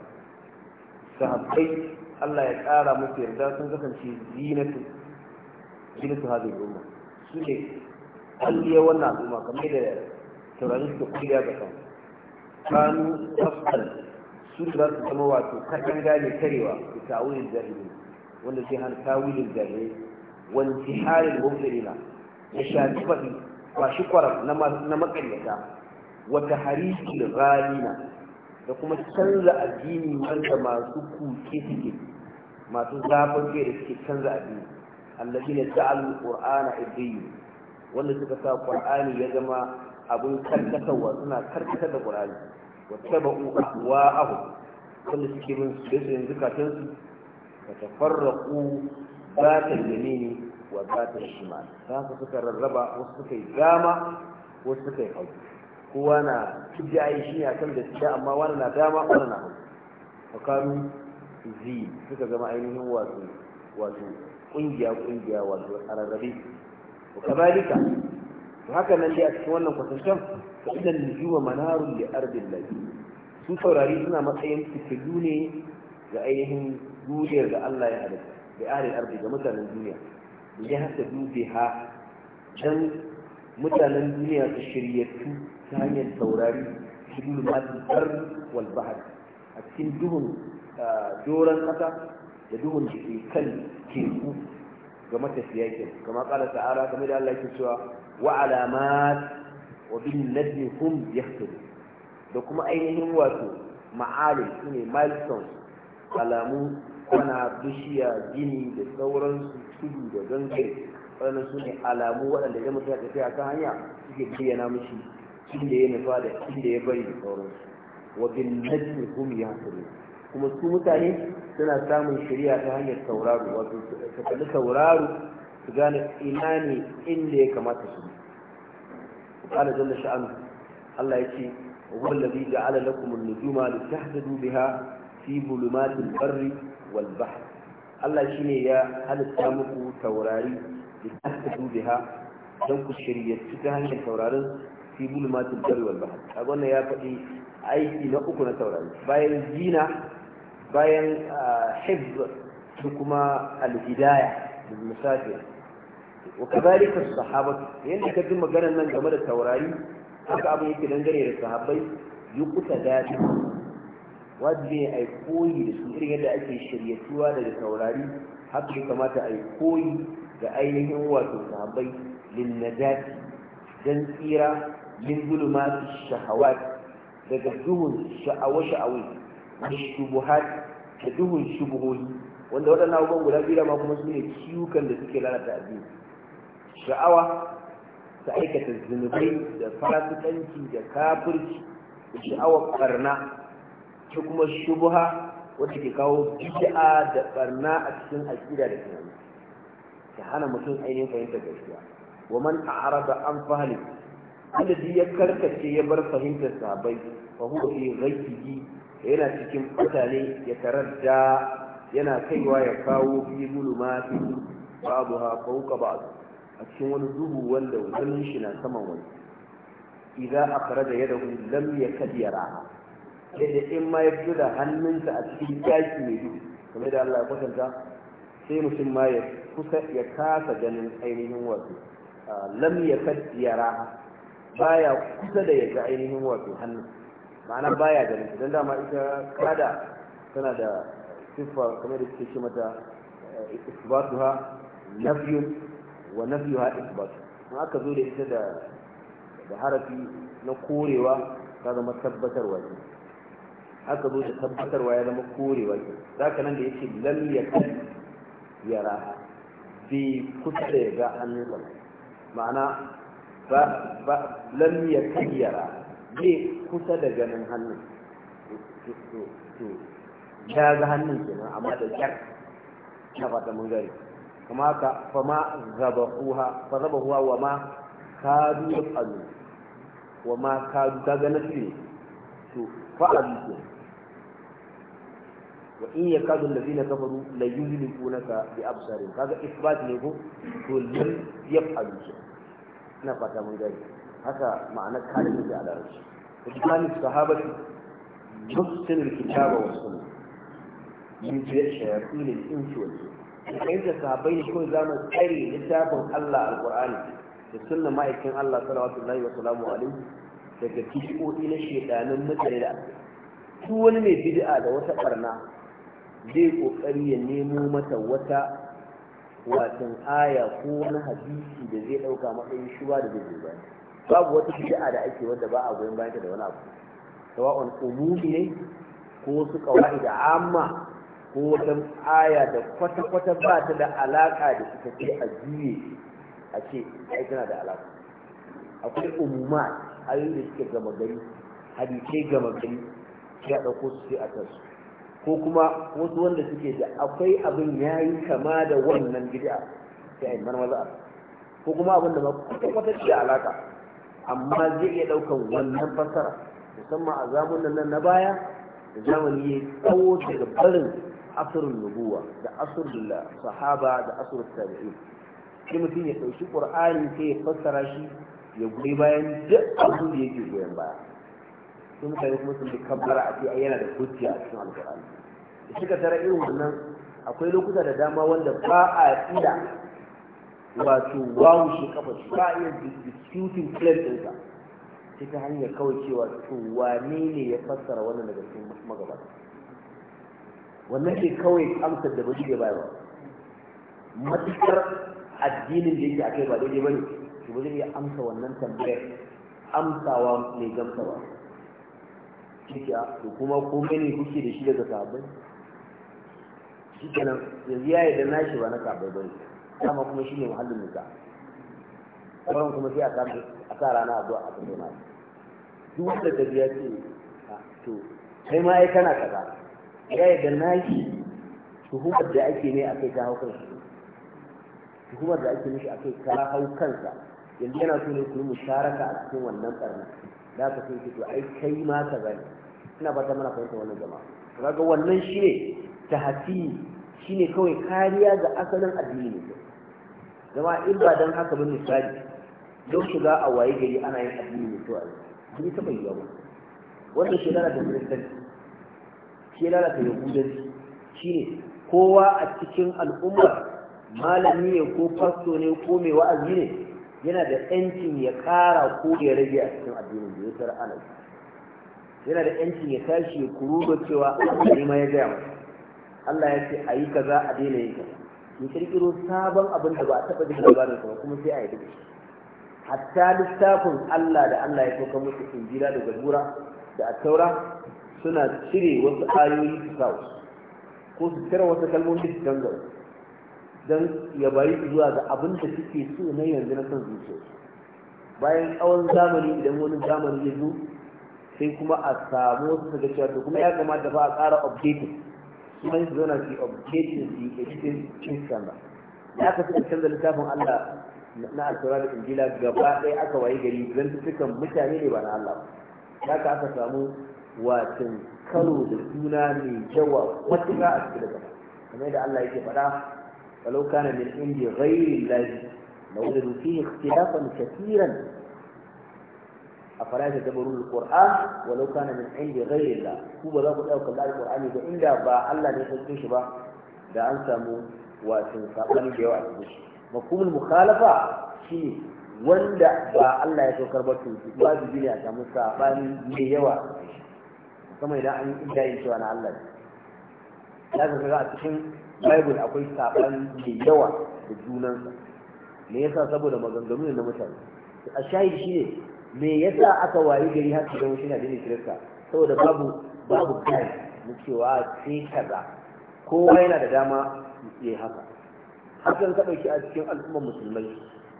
sahabbai Allah ya ƙara musu yarda sun kasance zinatu zinatu hadhihi su ne kalliya wannan al'umma kamar da taurari suka kulliya ga kan kanu tafsal su da su zama wato katanga gane karewa da ta'awilin jahili wanda sai hana ya ba shi na makaryata wata harikin ralina da kuma canza addini wanda masu kuke suke masu zafin kai da suke canza addini allafi ne alu ƙor'ana ibriyu wanda suka sa ƙor'ani ya zama abin karkatarwa suna karkatar da qur'ani wa abu wanda suke bin su da su yanzu katansu ba ta yamini wa zatar shimal ta haka suka rarraba wasu suka yi dama wasu suka yi hagu kowa na cikin ayi shi a kan da shi amma wani na dama wani na hau. fakanu zi suka zama ainihin wasu wato kungiya kungiya wato a rarrabe wa kazalika to haka nan dai a cikin wannan kwatancan fa idan nujuma manarun li ardil lahi su saurari suna matsayin fitilu ne ga ainihin duniyar da Allah ya halitta da ahlil ardi ga mutanen duniya ya haka dube ha don mutanen duniya su shiryattu ta hanyar taurari, shirul matar wal walbahar, a cikin duhun doron kasa da duhun da ke kan teku ga matafiya ke kama kala ta'ala kamar da Allah ke cewa wa alamat wa bin nadmi hum yahtadu da kuma ainihin wato ma'alim shine milestones alamu kwana bishiya gini da sauransu tudu da gangare waɗannan su ne alamu waɗanda idan mutum ya tafiya ta hanya suke bayyana mishi inda ya nufa da inda ya bari da sauransu wa bin najmi hum yahtadun kuma su mutane suna samun shari'a ta hanyar sauraro wato su kalli sauraro su gane ina ne inda ya kamata su bi qala jalla sha'anu Allah yace huwa alladhi ja'ala lakum an-nujuma litahtadu biha fi bulumatil barri wal Allah shi shine ya halitta muku taurari da dubi ha don ku shiryatu ta hanyar taurarin fi bulmatul barri wal bahr kaga ya faɗi aiki na uku na taurari bayan jina bayan ah, hifz da kuma al-hidayah lil musafir وكذلك الصحابة يعني كذب مجانا من جمال التوراري أكا أبو يكي yi للصحابي يقتدى wajibi ne a koyi da su irin yadda ake shiryatuwa daga taurari haka ya kamata a koyi ga ainihin wato sahabbai lin najati dan tsira min zulumati shahawat daga duhun sha'awa sha'awai da shubuhat da duhun shubuhoyi wanda waɗannan abubuwan guda biyu ma kuma su ne ciwukan da suke lalata addini sha'awa ta aikata zunubai da fasikanci da kafirci da sha'awar karna ta kuma shubuha wadda ke kawo bid'a da barna a cikin aqida da tunani ta hana mutum ainihin fahimtar gaskiya wa man a'rada an fahli wanda ya karkace ya bar fahimtar sabai fa huwa fi ghaibihi yana cikin mutane ya taradda yana kaiwa ya kawo fi zulumati ba'daha fawqa ba'd a cikin wani duhu wanda wani shi na saman wani idza akhraja yadahu lam yakad yaraha yadda in ma ya fito da hannunsa a cikin yaki mai duhu kuma da Allah ya kwatanta sai mutum ma ya kusa ya kasa ganin ainihin wato lam ya ba baya kusa da ya ga ainihin wato hannun ma'ana baya ganin don dama ita kada tana da siffa kamar da suke shi mata eh, ha nafiyu wa ha isbatu in aka zo da ita da harafi na korewa ta zama tabbatarwa ne aka zo da tabbatarwa ya zama korewa ke za ka nan da yake lam ya kan yara bi kusa ya ga hannunsa ma'ana ba lam ya kan yara bai kusa da ganin hannun ya ga hannun nan amma da kyar na fata mun gari kama haka fama zabahuha fa zabahuha wa ma kadu yafalu wa ma kadu kaga nasu ne to fa'alu wa in yakadu allazina kafaru la yuzlikunaka bi absarin kaga isbat ne ko to lam yaf'alu ina fata mun gani haka ma'anar kalin da alarci ijmani sahabati muhsin alkitaba wa sunna min shayatin al-insi wal jinn kai da sahabbai ne kawai zamu tsare littafin Allah alqur'ani da sunna ma'aikin Allah sallallahu alaihi wa sallamu alaihi daga tisho'i na shedanin mutane da su wani mai bid'a da wata barna zai kokari ya nemo mata wata watan aya ko wani hadisi da zai dauka matsayin shuba da zai ba babu wata a da ake wanda ba a goyon bayan da wani abu sawa'un umumi ne ko wasu da amma ko wata aya da kwata kwata ba ta da alaka da ta ce a juye a ce ai tana da alaka akwai umumat ayoyi da suke gama gari hadisai gama gari sai a dauko su sai a tasu ko kuma wasu wanda suke da akwai abin ya yi kama da wannan gida da ya yi marmaza ko kuma abin da ba kwata ce alaka amma zai iya ɗaukan wannan fassara musamman a zamanin nan na baya da zamani ya tsawo daga barin asirin nubuwa da asirin sahaba da asirin tabi'in shi mutum ya ɗauki ƙur'ani sai ya fasara shi ya goyi bayan duk abin da yake goyon baya sun mutane kuma sun bi kabbara a ce yana da hujja a cikin alƙur'ani suka tara irin wannan akwai lokuta da dama wanda ba a tsira wato wawu shi kafa shi ba a iya disputing claim ɗinsa sai ta hanyar kawai cewa to wane ne ya fassara wannan daga cikin magabata wannan ke kawai amsar da baji bai ba matuƙar addinin da yake akai ba daidai ba to ba zai iya amsa wannan tambayar amsawa mai gamsawa. kike to kuma ko ne kuke da shi daga sahabbai shi kenan yanzu ya yarda nashi ba na kabai bane dama kuma shine muhallin nika sauran kuma sai a sa rana a zuwa a tafi ma duk wanda ta biya ce ah, to kai ma ai kana kaza ya yarda nashi tuhumar da ake ne a kai ta hau kansa tuhumar da ake mishi a kai ta hau kansa yanzu yana so ne ku yi musharaka a cikin wannan karni da aka sun ce to ai kai ma kaza ne ina ba ta mana fahimta wannan jama'a kaga wannan shi ne shi ne kawai kariya ga asalin addini zama in ba don haka ba misali don shiga a waye gari ana yin addini to a yi ta bayyana ba wanda shi lalata kiristanci shi lalata Shi ne kowa a cikin al'ummar malami ne ko fasto ne ko mai wa'azi ne yana da yancin ya kara ko ya rage a cikin addinin da ya tsara ana yana da yancin ya tashi ya kuru da cewa an ma ya gaya masa Allah ya ce a yi kaza a daina yin kaza mu kirkiro sabon abin da ba a taɓa jin labarin ba kuma sai a yi shi hatta littafin Allah da Allah ya sauka musu injila da zabura da attaura suna cire wasu ayoyi su sa ko su cire wasu kalmomi su don ya bari zuwa ga abin da suke so na yanzu na son zuciya bayan tsawon zamani idan wani zamani ya zo sai kuma a samu wasu daga da kuma ya kamata ba a ƙara updating kuma su zauna su yi updating su yi editing cin sama da aka fi canza littafin Allah na alkura da injila gaba ɗaya aka wayi gari zan cikin mutane ne ba na Allah ba ka aka samu watan karo da juna mai yawa matuƙa a cikin daga kamar yadda Allah yake faɗa walau kana min indi ghairi lahi lawajadu fihi ikhtilafan katiran أفلا يتدبرون القرآن ولو كان ba عند غير الله هو ذاك الأوك الله القرآن وإن با الله يتدبرش با دا a وتنساقني بيوع تدبرش mukalafa المخالفة شيء wanda ba Allah ya saukar ba to ba ne a samu sabani mai yawa kuma idan an yi idayin cewa na Allah ne ya ga a cikin Bible akwai sabani mai yawa da junansa me yasa saboda maganganu ne na mutane a shi shine me yasa aka wayi gari haka shi na dini kirista saboda babu babu kai mu cewa sai kaza kowa yana da dama ya haka hakan ka dauki a cikin al'ummar musulmai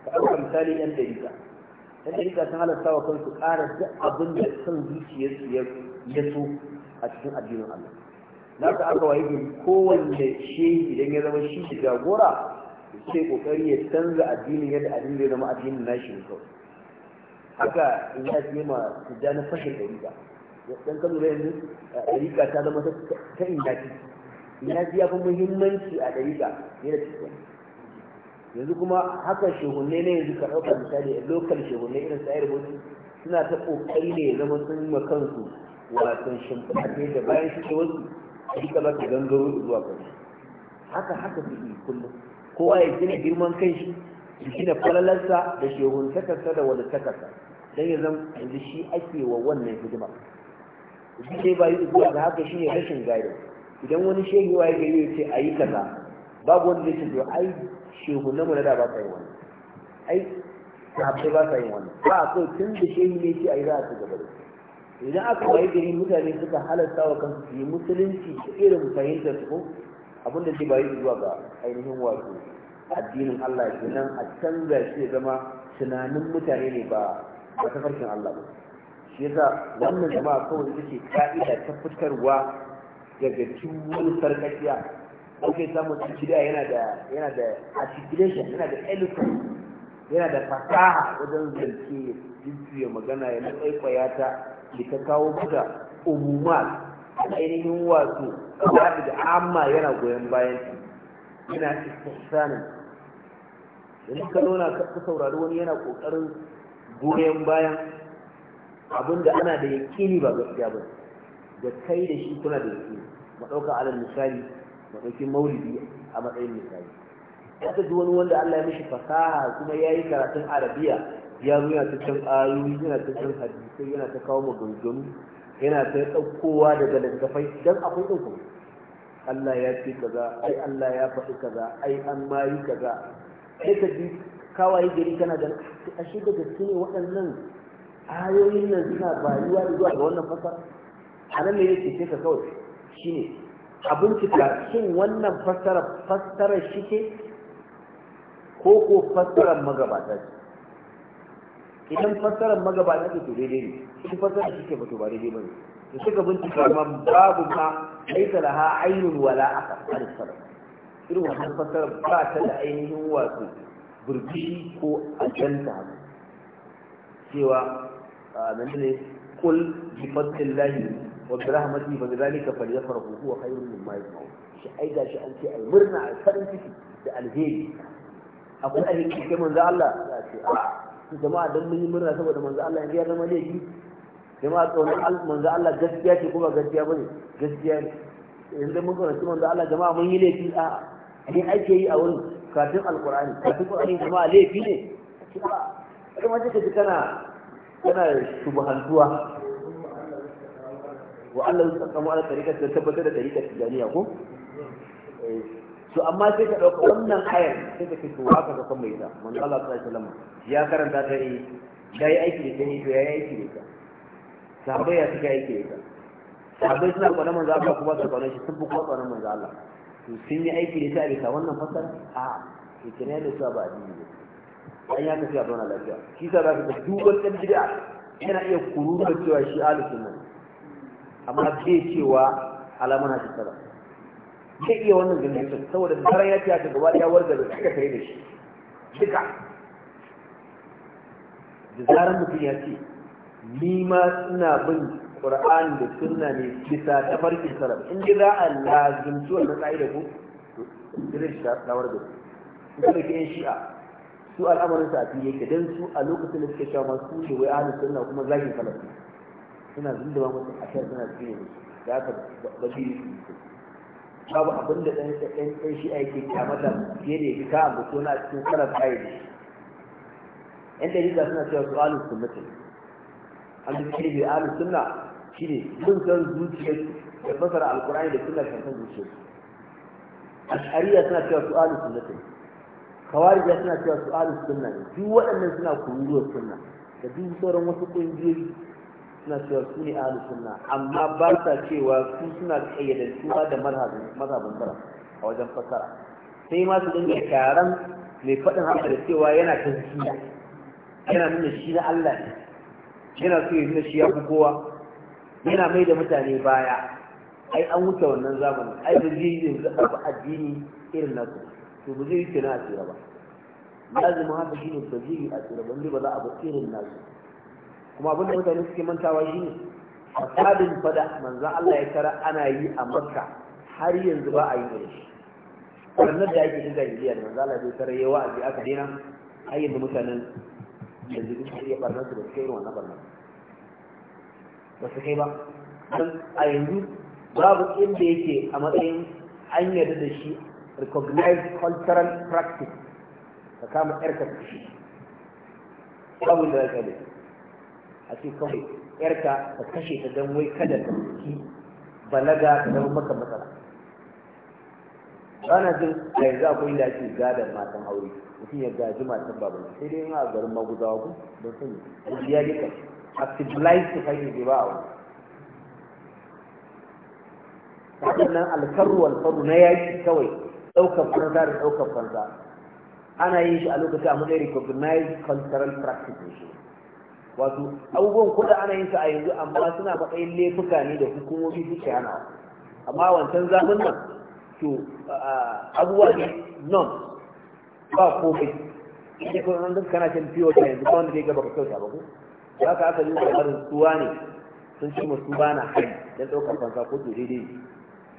ka dauka misali yan dariƙa yan dariƙa sun halatta wa kansu ƙara duk abin da son su ya so a cikin addinin Allah na ka aka wayi gari kowanne shehi idan ya zama shi jagora sai kokari ya canza addinin yadda addinin zai zama addinin nashi ne kawai haka ya ce ma su ja na fashin ɗarika don kan lura yanzu ɗarika ta zama ta indaci indaci ya fi muhimmanci a ɗarika da cikin yanzu kuma haka shehunne ne yanzu ka ɗauka misali lokal shehunne irin sayar bauchi suna ta ƙoƙari ne zama sun ma kansu wato shimfiɗa da bayan shi ke wasu ɗarika ba ta gangaro zuwa kansu haka haka su yi kullum kowa ya gina girman kanshi shi gina falalarsa da takasa da wani takasa. da ya zama yanzu shi ake wa wannan hidima duk ba yi zuwa da haka shine rashin gari. idan wani shehi ya gari yi ce yi kaza babu wanda zai ce to ai shehu na mulada ba yi wannan ai sahabbai ba yi wannan ba akwai tun da shehi ne ce yi za a ci gaba da idan aka wayi gari mutane suka halarta wa kansu su yi musulunci da irin fahimtar su ko abin da zai bayi zuwa ga ainihin wato addinin Allah kenan a canza shi ya zama tunanin mutane ne ba ba ta farkin Allah ba shi yasa wannan jama'a kawai take ka'ida ta fitarwa daga cikin sarkakiya ake samun cikida yana da yana da articulation yana da eloquence yana da fasaha wajen zance jinsiya magana ya na kwaikwaya ta da ta kawo umuma a ainihin wato kawai da amma yana goyon bayan yana istihsanin yanzu ka zauna ka saurari wani yana kokarin goyon bayan abinda ana da yakini ba gaskiya ba da kai da shi kuna da yakini mu ɗauka alal misali mu maulidi a matsayin misali ya ta wani wanda Allah ya mishi fasaha kuma ya yi karatun arabiya ya zo yana ta ayoyi yana ta can hadisai yana ta kawo maganganu yana ta ɗaukowa daga lantafai. Dan akwai ku, Allah ya ce kaza ai Allah ya faɗi kaza ai an ma kaza sai ka kawaye gari kana da ashe da gaske ne waɗannan ayoyin nan suna bayuwa da zuwa ga wannan fasara a nan ne yake ce ka kawai ne a bincika shin wannan fasara fasara shi ke ko ko fasara magabata ce idan fasara magabata ce to daidai ne shi fasara shi ke ba to ba daidai ba ne da suka bincika ma babu ma laisa laha ainun wala aka alfara irin wannan fasara ba ta da ainihin wato burbishi ko ajanta cewa nan ne kul bi fadlillahi wa bi rahmatihi fa bidhalika falyafrahu huwa khayrun mimma yajma'un shi ai shi an ce ai murna a farin ciki da alheri akwai alheri kai manzo Allah ya ce a jama'a dan mun yi murna saboda manzo Allah ya zama laifi jama'a kaunar manzo Allah gaskiya ce ko ba gaskiya bane gaskiya ne yanzu mun kaunar manzo Allah jama'a mun yi laifi a ne ake yi a wurin kafin alkur'ani kafin alkur'ani kuma laifi ne kuma sai ka ji kana kana subhantuwa wa Allah ya saka mu ala tarikar da tabbatar da tarikar tijaniya ko eh, to amma sai ka dauka wannan ayar sai ka fito haka ka san mai ita manzo Allah sallallahu alaihi wasallam ya karanta ta ne yayi aiki da ta to yayi aiki da ta sahabbai ya suka aiki da ta sahabbai suna kwanan manzo Allah kuma su shi sun kuma manzo Allah to sun yi aiki da ta wannan fasar a to da su ba addini ba su ya kafi a zauna lafiya shi sa za ka ga dubar ɗan gida yana iya da cewa shi ahlu sunna amma bai cewa alamana shi tsara zai iya wannan gangancin saboda zarar ya ce ta gaba ya warga da suka tare da shi duka da zarar mutum ya ce ni ma ina bin Qur'an da sunna ne bisa ta farkin salaf in ji za a lazimci wannan ka'ida ku irin shi ta wani da su da ke yin shi'a su al'amarin sa a fiye yake don su a lokacin da suke cewa masu shi wai ahalin sunna kuma zagin salaf suna zindaba musu a kan suna fiye da da aka bashi su babu abin da ɗan ɗan shi'a yake kyamata fiye da yake ka ambato na cikin salaf ka'ida yan dalila suna cewa su ahalin sunna an bi kirbi ahalin sunna shine bin san zuciya da fasara alqur'ani da sunna kan zuciya ash'ariya suna cewa su ahlus sunnati khawarija suna cewa su ahlus sunna duk waɗannan suna kururuwar sunna da duk sauran wasu ƙungiyoyi suna cewa su ne ahlus sunna amma ba sa cewa su suna kayyadantuwa da mazhabin mazhabin sara a wajen fasara sai ma su dinga taron mai faɗin haka da cewa yana ta yana nuna shi na Allah ne yana so ya nuna shi ya fi kowa yana mai da mutane baya ai an wuce wannan zamanin ai da zai yi abu addini irin nasu to ba zai yi kina a tsira ba lazimin haka shi ne ba zai yi a tsira ba ba za a ba irin nasu kuma abinda mutane suke mantawa shi ne fasadin fada manzan Allah ya kara ana yi a makka har yanzu ba a yi da shi wannan da ake dinga jiliya da manzan Allah ya kara yawa a aka daina har yanzu mutanen yanzu duk ya barnar su da suke kai irin wannan barnar ba su kai ba don a yanzu babu inda yake a matsayin an yarda da shi recognized cultural practice ta kama yarka da shi babu da zaka da a ce kawai yarka ka kashe ta don wai kada ta ki balaga ta zama maka matsala ana jin a yanzu akwai inda ake gadar matan aure mutum ya gaji matan babu sai dai yana garin maguzawa ku don sani ya kai a civilized society bai ba a wani waɗannan alkaru alfaru na yaƙi kawai ɗaukar fanta da ɗaukar fanta ana yin shi a lokaci a matsayin recognized cultural practice shi wato abubuwan kuɗa ana yin su a yanzu amma suna matsayin laifuka ne da hukumomi suke hana amma wancan zamun nan to abubuwa ne non ba komai ita kuma nan kana cin fiye wata yanzu ba wanda zai gaba ka kyauta ba ko za ka aka zuwa barin suwa ne sun ce masu ba na hari don ɗaukar fansa ko to daidai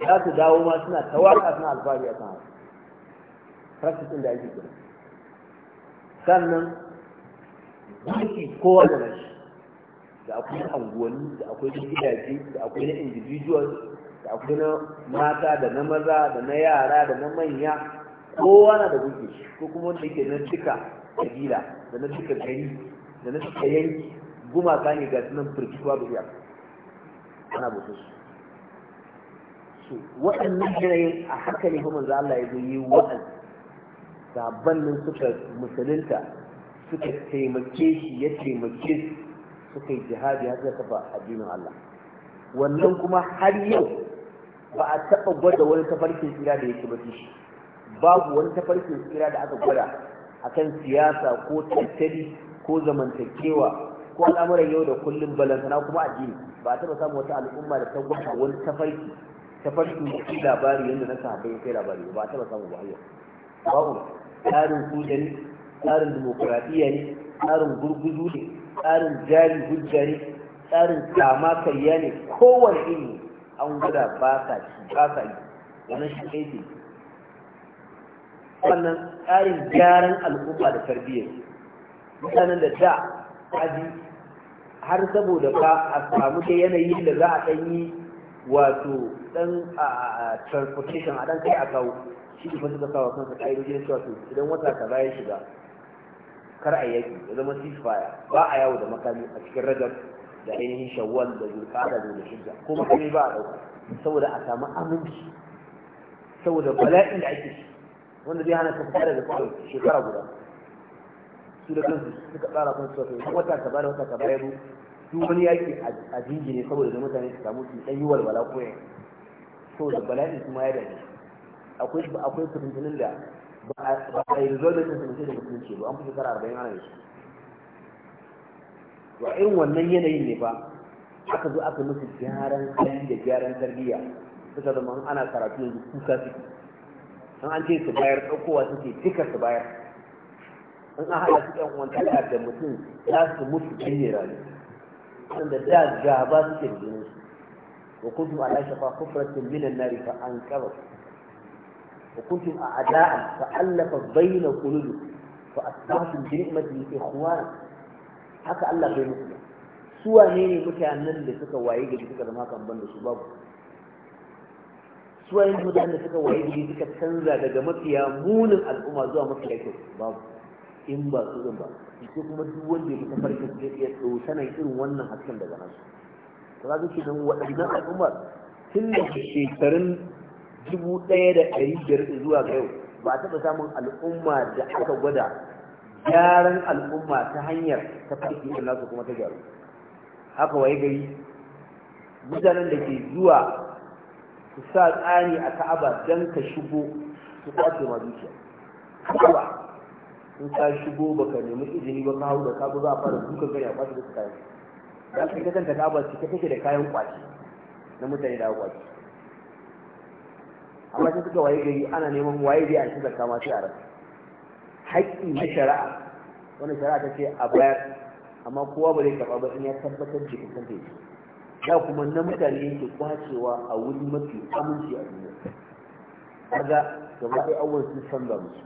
za su dawo ma suna tawaka suna alfahari a kan haka da ake kira sannan mulki kowa da nashi da akwai anguwanni da akwai na gidaje da akwai na individual da akwai na mata da na maza da na yara da na manya kowa na da gudu ko kuma wanda yake na duka kabila da na duka gari da na cika yanki gumaka ne ga sunan firkituwa da iyaka ana bautar su waɗannan yanayin a haka ne kuma za Allah ya zo yi wa'azi sabannin suka musulunta suka taimake shi ya taimake su suka yi jihadi har suka kafa addinin Allah wannan kuma har yau ba a taɓa gwada wani tafarkin tsira da yake baki shi babu wani tafarkin tsira da aka gwada akan siyasa ko tattali ko zamantakewa ko al'amuran yau da kullum balantana kuma addini ba taɓa samu wata al'umma da ta gwada wani tafarki tafarki shi labari yadda na sahabbai kai labari ba taɓa samu ba yau babu tsarin soja ne tsarin dimokuraɗiyya ne tsarin gurguzu ne tsarin jari hujja ne tsarin kama karya ne kowane iri an gwada ba sa ci ba sa yi wannan shi aiki wannan tsarin gyaran al'umma da tarbiyyar mutanen da da aji har saboda ka a samu da yanayi da za a ɗan yi wato ɗan transportation a ɗan kai a kawo shi ne suka kawo kansa ƙa'idoji na cewa to idan wata kaza ya shiga kar a yaki ya zama ceasefire ba a yawo da makami a cikin rajab da ainihin shawwal da zulqa'ada da zulhijja ko makami ba a ɗauka saboda a samu aminci saboda bala'in da ake shi wanda zai hana ka fita da kawai shekara guda su da kansu suka tsara kan suka kai wata ka bada wata ka bayar duk wani yaki a jingine saboda mutane su samu su dan yi walwala ko yanzu saboda bala'i su ma ya dade akwai akwai fitintunin da ba a yi resolve din sun da mutum ce ba an fi shekara arba'in ana yi to a irin wannan yanayin ne ba aka zo aka musu gyaran kayan da gyaran tarbiyya suka zama ana karatu yanzu kusa suke an an ce su bayar ɗaukowa suke duka su bayar in an haɗa su ƴan uwantaka da mutum ya su mutu gayyara ne wanda da gaba suke da jinin su wa kuntum ala shafa kufratin minan nari fa an kaba wa kuntum a ada'a fa allafa bayna qulubi fa jini mafi yi ikhwana haka Allah bai mutu su wane ne mutanen da suka waye gari suka zama kan da su babu su wane mutanen da suka waye gari suka canza daga mafiya munin al'umma zuwa mafiya kyau babu in ba su zan ba kuma duk wanda ya ce ya iya irin wannan hasken daga nasu to za su ce nan waɗannan al'ummar tun da shekarun dubu ɗaya da ɗari biyar zuwa ga yau ba a taɓa samun al'umma da aka gwada gyaran al'umma ta hanyar farki irin nasu kuma ta gyaru haka waye gari mutanen da ke zuwa su sa tsani a ka'aba don ka shigo su kwace ma zuciya ka'aba in ka shigo baka nemi izini ba ka hau da kabu za a fara duka gani a da duka kayan da aka kasan ta kabar cike take da kayan kwashe na mutane da kwace amma sai suka waye gari ana neman waye zai a shi zakka ma sai a rasa haƙƙi na shari'a wannan shari'a ta ce a bayar amma kowa ba zai karɓa ba in ya tabbatar da kusan da Ya da kuma na mutane yake kwacewa a wuri mafi aminci a duniya ga gaba ɗaya awon sun san ba musu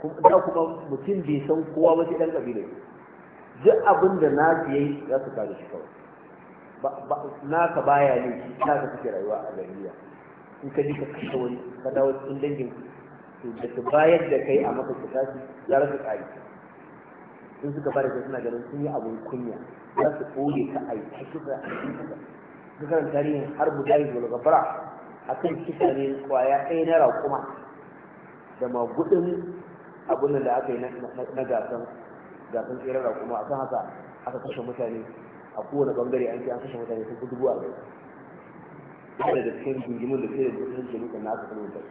kuma kuma mutum bai san kowa ba ɗan ƙabilai duk abin da na su yayi za su kare shi kawai naka baya ne ka kake rayuwa a gariya in ka ji ka kashe wani ka dawo cikin dangin to da su bayar da kai a maka su za su kare in suka bada shi suna ganin sun yi abin kunya za su ɓoye ka a yi ta a cikin tarihin har budai zuwa gabara a kan kisa ne kwaya ɗaya na raƙuma da magudin abin da aka yi na gasan gasan tsirara kuma kan haka aka kashe mutane a kowane bangare an ce an kashe mutane sun dubu arba'in yana daga cikin gungumin da sai da musulunci ne na aka kuma mutane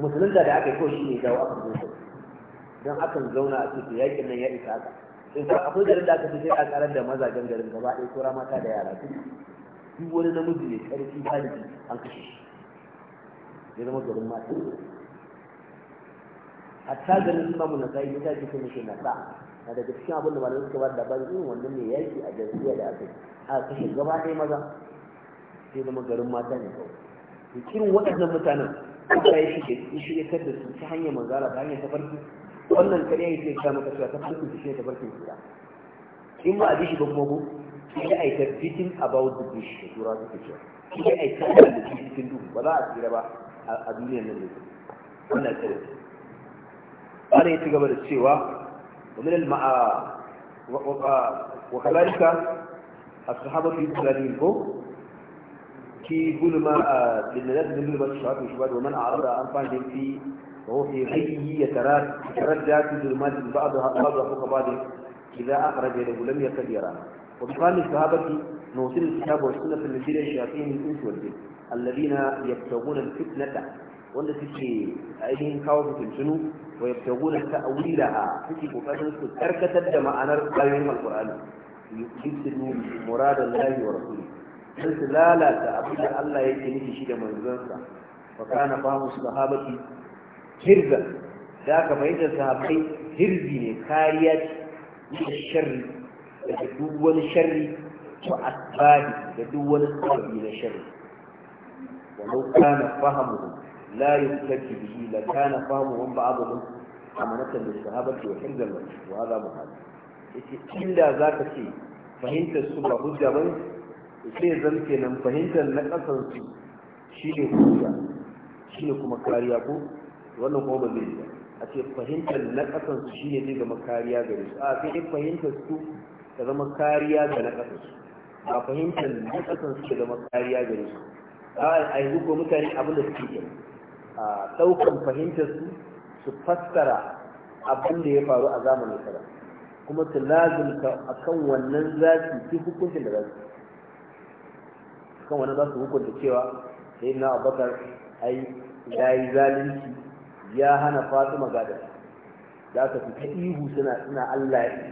musulunta da aka yi kawai shi ne dawo aka zo shi don akan zauna a cikin yakin nan ya isa haka in fa akwai garin da aka fi sai a karar da mazajen garin gaba ɗaya ko mata da yara duk duk wani namiji ne ƙarfi hali, an kashe shi ya zama garin mata A hatta ganin imamu na sa'i ta ce kuma shi na sa na daga cikin abin da malamai suka ba da ban irin wannan mai yaki a jazziya da aka yi a kashe gaba ɗaya maza sai zama garin mata ne kawai irin waɗannan mutanen Allah ya shige shi ya kada su ta hanyar manzara ta hanyar tafarki wannan kare ya ce ta maka cewa tafarkin su shi ne tafarkin su in ba a bi shi ba kuma ko shi ya aika fitin about the bush da tura su ke cewa shi ya aika da shi cikin duhu ba za a tsira ba a duniyar nan ne wannan kare قال يتقبل السوى ومن الماء آه، آه، وكذلك الصحابة في إسلامهم آه، في كل ما للناس من كل ما والشباب ومن أعرض عن فهم في وهو في غيه يتردد في ظلمات بعضها بعضها فوق بعض إذا أخرج له لم يكد يراه وبقال الصحابة نوصل الكتاب والسنة التي الشياطين من الإنس والجن الذين يبتغون الفتنة wanda suke ainihin kawo fitintunu wa yabtaguna ta'wilaha suke kokarin su karkatar da ma'anar ayoyin alqur'ani yuqsidu muradan lahi wa rasuli sai su lalata abin da Allah ya ke nufi shi da manzonsa fa kana fahmu sahabati hirza da ka mai da sahabbai hirzi ne kariya ce sharri da duk wani sharri to asbabi da duk wani sababi na sharri walau kana fahimu لا يحتج به لكان فهمهم بعضهم أمانة للصحابة وحرزا لهم وهذا محال إلا ذاك شيء فهمت السبع حجة بني sai zan kenan fahimtar na ƙasar su shi ne kuma kariya ko wannan kuma ba zai yi a ce fahimtar na ƙasar su shi ne zama kariya gare su a sai fahimtar su ta zama kariya ga na ƙasar su fahimtar na ƙasar su ta zama kariya a yanzu ko mutane suke ɗaukan fahimtar su su fassara abin da ya faru a zamanin sada kuma su lazim a kan wannan zafi su hukuncin da zafi kan wannan za su hukunta cewa sai na Abakar, ai ya yi zalunci ya hana fatima gadar da ka fi ta ihu suna suna allah ya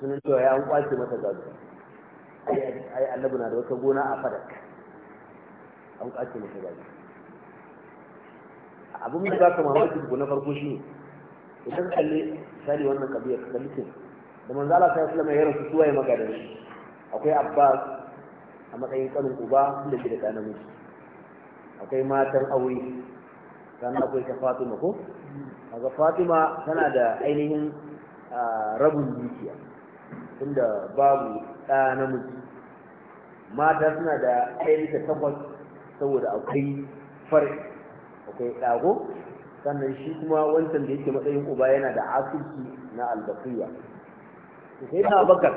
suna cewa ya kwace mata gado ai annabi na da wata gona a fadak an kwace mata gado abin da za ka mamaki na farko shi ne idan kalli misali wannan kabiyar da mutum da manzo Allah sai sallama ya rasu suwaye magadan shi akwai Abbas a matsayin kanin uba da ke da ɗan namiji akwai matan aure sannan akwai ta Fatima ko ga Fatima tana da ainihin rabin dukiya tunda babu ɗa namiji mata suna da ainihin takwas saboda akwai farin kai ɗago sannan shi kuma wancan da yake matsayin uba yana da asirki na albasiya sai na bakar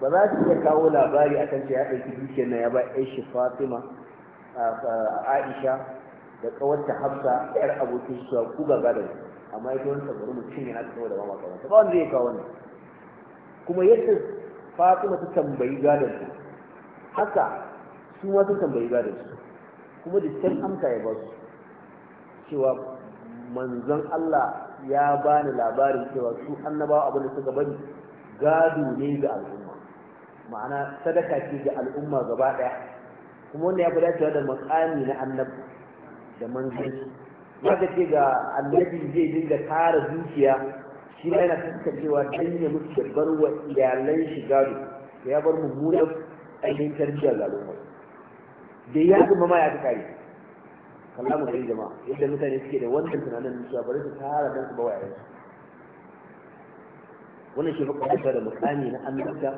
ba za su iya kawo labari a kan ya ɗauki dukiyar na ya ba aisha shi fatima aisha da kawarta hafsa yar abokin su ku ga gadon amma ita wani sabarin mutum yana ta da mama kawai ba wanda ya kawo wannan kuma yadda fatima ta tambayi gadon haka su ma ta tambayi gadon su kuma da can amsa ya ba su cewa manzon Allah ya bani labarin cewa su annabawa abin da suka bari gado ne ga al'umma ma'ana sadaka ce ga al'umma gaba ɗaya. kuma wanda ya fi cewa da makami na annabi da manzanci zaka ce ga annabi zai dinga tara zuciya shi ma yana tantancewa dan ya mutu da iyalan shi gado ya bar mummunan ainihin tarbiyyar al'umma da ya zama ma ya fi kare kalla mu kai jama'a yadda mutane suke da wannan tunanin cewa bari su tara dan su ba wa yayin wannan shi fa kwanta da mukami na annabta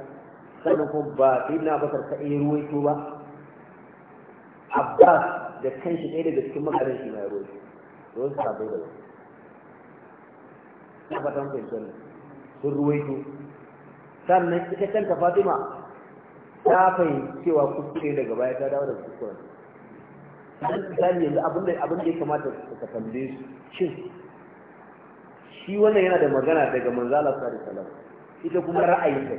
sannan ko ba sai na bakar ka yi ruwaito ba abbas da kanshi ɗaya daga cikin makarin shi mai ruwaito da wasu sabai da wasu na fatan fahimtar sun ruwaito sannan ita kanta fatima ta fahimci cewa kuskure daga baya ta dawo da kuskuren dan misali yanzu abin da abin da ya kamata ka tambaye su shin shi wannan yana da magana daga manzo Allah sallallahu alaihi wasallam ita kuma ra'ayin ta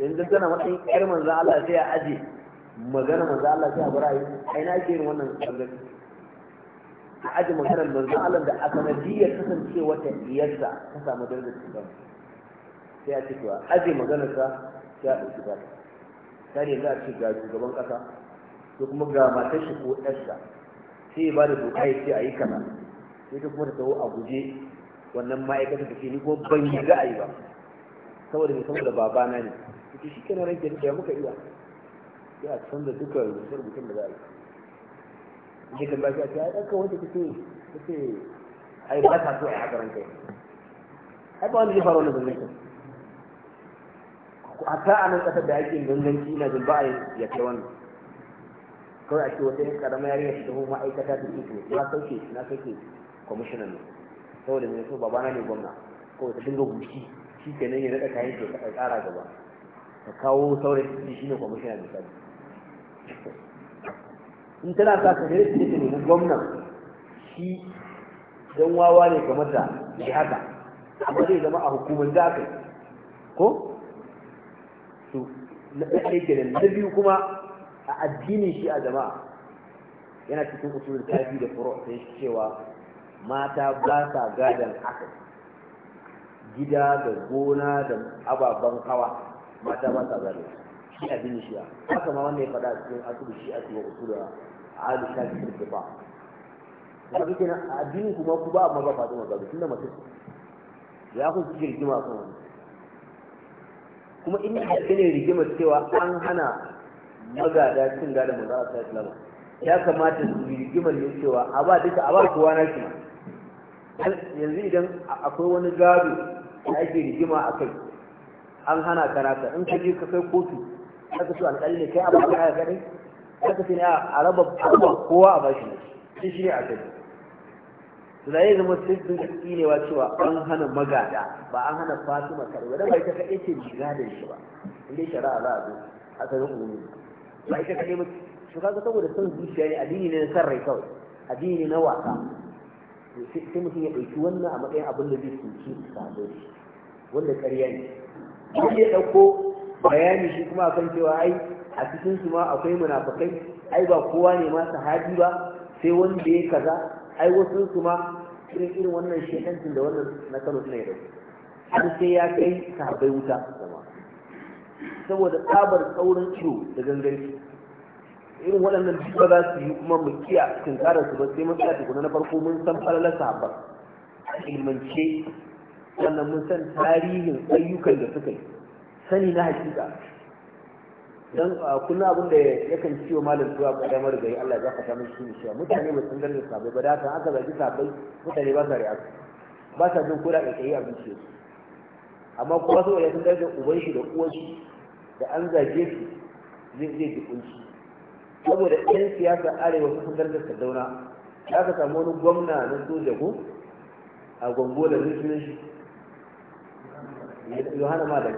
yanzu tana matsayin ƴar manzo Allah sai ya aje magana manzo Allah sai ya bar ra'ayi ai na ke yin wannan kallon a aje magana manzo Allah da aka nadiya kasance wata iyarsa ta samu darajar ta sai a ce to aje maganarsa ya ɗauki ba kare za a ce ga shugaban kasa ko kuma ga matar shi ko ɗarsa sai ya ba da doka ya ce a yi kama sai ta kuma ta taho a guje wannan ma'aikata da ke ni ko ban yi za a yi ba saboda mai saboda babana ne ita shi kenan ranke da muka iya Ya a da duka rubutar mutum da za a yi ne kan ba shi a ce ai ɗanka wanda kake kake ai ba ta so a yi haka ranka ai ba wanda zai fara wannan zanzancin hatta a nan ƙasar da ake ganganci ina jin ba ya kai wani. kawai a ce wata yin karama yarinya ta taho ma'aikata ta ce na sauke na sauke kwamishinan ne saboda mai so babana ne gwamna ko ta dinga buki shi kenan ya naɗa kayan ke ka ƙara gaba ka kawo saurayi shi ne kwamishinan misali in tana sa ka gare ta nemi gwamnan shi dan wawa ne kamar da ya haka amma zai zama a hukumar da aka ko to na ɗaya kenan na biyu kuma a addinin shi a jama'a yana cikin usulun tafi da furo sai cewa mata ba sa gadon akali gida da gona da ababen hawa mata ba sa gadon shi addinin shi a haka ma wanda ya faɗa cikin asulu shi a cikin a alu shafi da ba wanda na addini kuma ku ba amma ba fatima tun da mace ya kun cikin rigima kan wani kuma in ya ne rigimar cewa an hana magada cin gada manzo Allah sa islamu ya kamata su rigimar ne cewa a ba duka a ba kowa na shi yanzu idan akwai wani gado da ake rigima a kai an hana karata in ka je ka kai kotu ka ce alƙali ne kai a ba ka kai ka dai ne a raba kowa a bashi shi shi ne a kai da ya zama sai sun ne wa cewa an hana magada ba an hana fatima kare da bai ta kaɗe ce da shi ba inda shari'a za a zo a sanin umumi ba ita kaɗe ba shi kaga saboda son zuciya ne addini ne na san rai kawai addini ne na wasa sai mutum ya ɗauki wannan a matsayin abin da zai cuci sabo shi wanda ƙarya ne shi ya ɗauko bayani shi kuma akan cewa ai a cikin su ma akwai munafakai ai ba kowa ne ma sahabi ba sai wanda ya kaza ai wasu su ma irin irin wannan shedancin da wannan na Kano suna yau har sai ya kai sahabbai wuta zama saboda tsabar tsaurin ciwo da ganganci irin waɗannan duk ba za su yi kuma mu kiya tunkarar su ba sai mun tsaya tukuna na farko mun san falalar sahabban ilmance sannan mun san tarihin ayyukan da suka yi sani na hakika dan kullu abin da ya kan ciwo malam zuwa kadamar damar gari Allah ya fata mun shi cewa mutane ba sun ganin sabai ba da haka aka zaki sabai mutane ba sa riya ba sa jin kura da kai abin ce amma kuma saboda sun ganin uban shi da uwan shi da an zage su zai zai ji kunci saboda ɗan siyasa arewa sun da dauna. ya ka samu wani gwamna na soja ko a gombo da zai shi Yohana Malam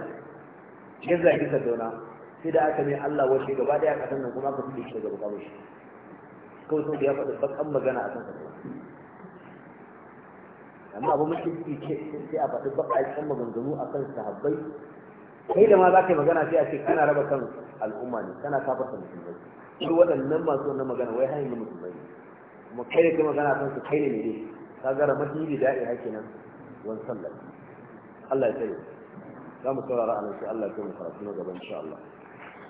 ya zagi Sardauna sai da aka mai Allah wace gaba daya kasan nan kuma aka fi shi daga bukawar shi kawai sun da ya faɗi bakan magana a kan kasuwa amma abu mutum ce sai a faɗi bakan maganganu a kan sahabbai kai da ma za ka yi magana sai a ce kana raba kan al'umma ne kana kafarta musulmai duk waɗannan masu wannan magana wai hanyar musulmai kuma kai da kai magana a kan su kai ne ne ka gara madini da ya haƙi nan wani sallar Allah ya tsaye za mu saurara a nan sai Allah ya kai mu karatu na gaba insha Allah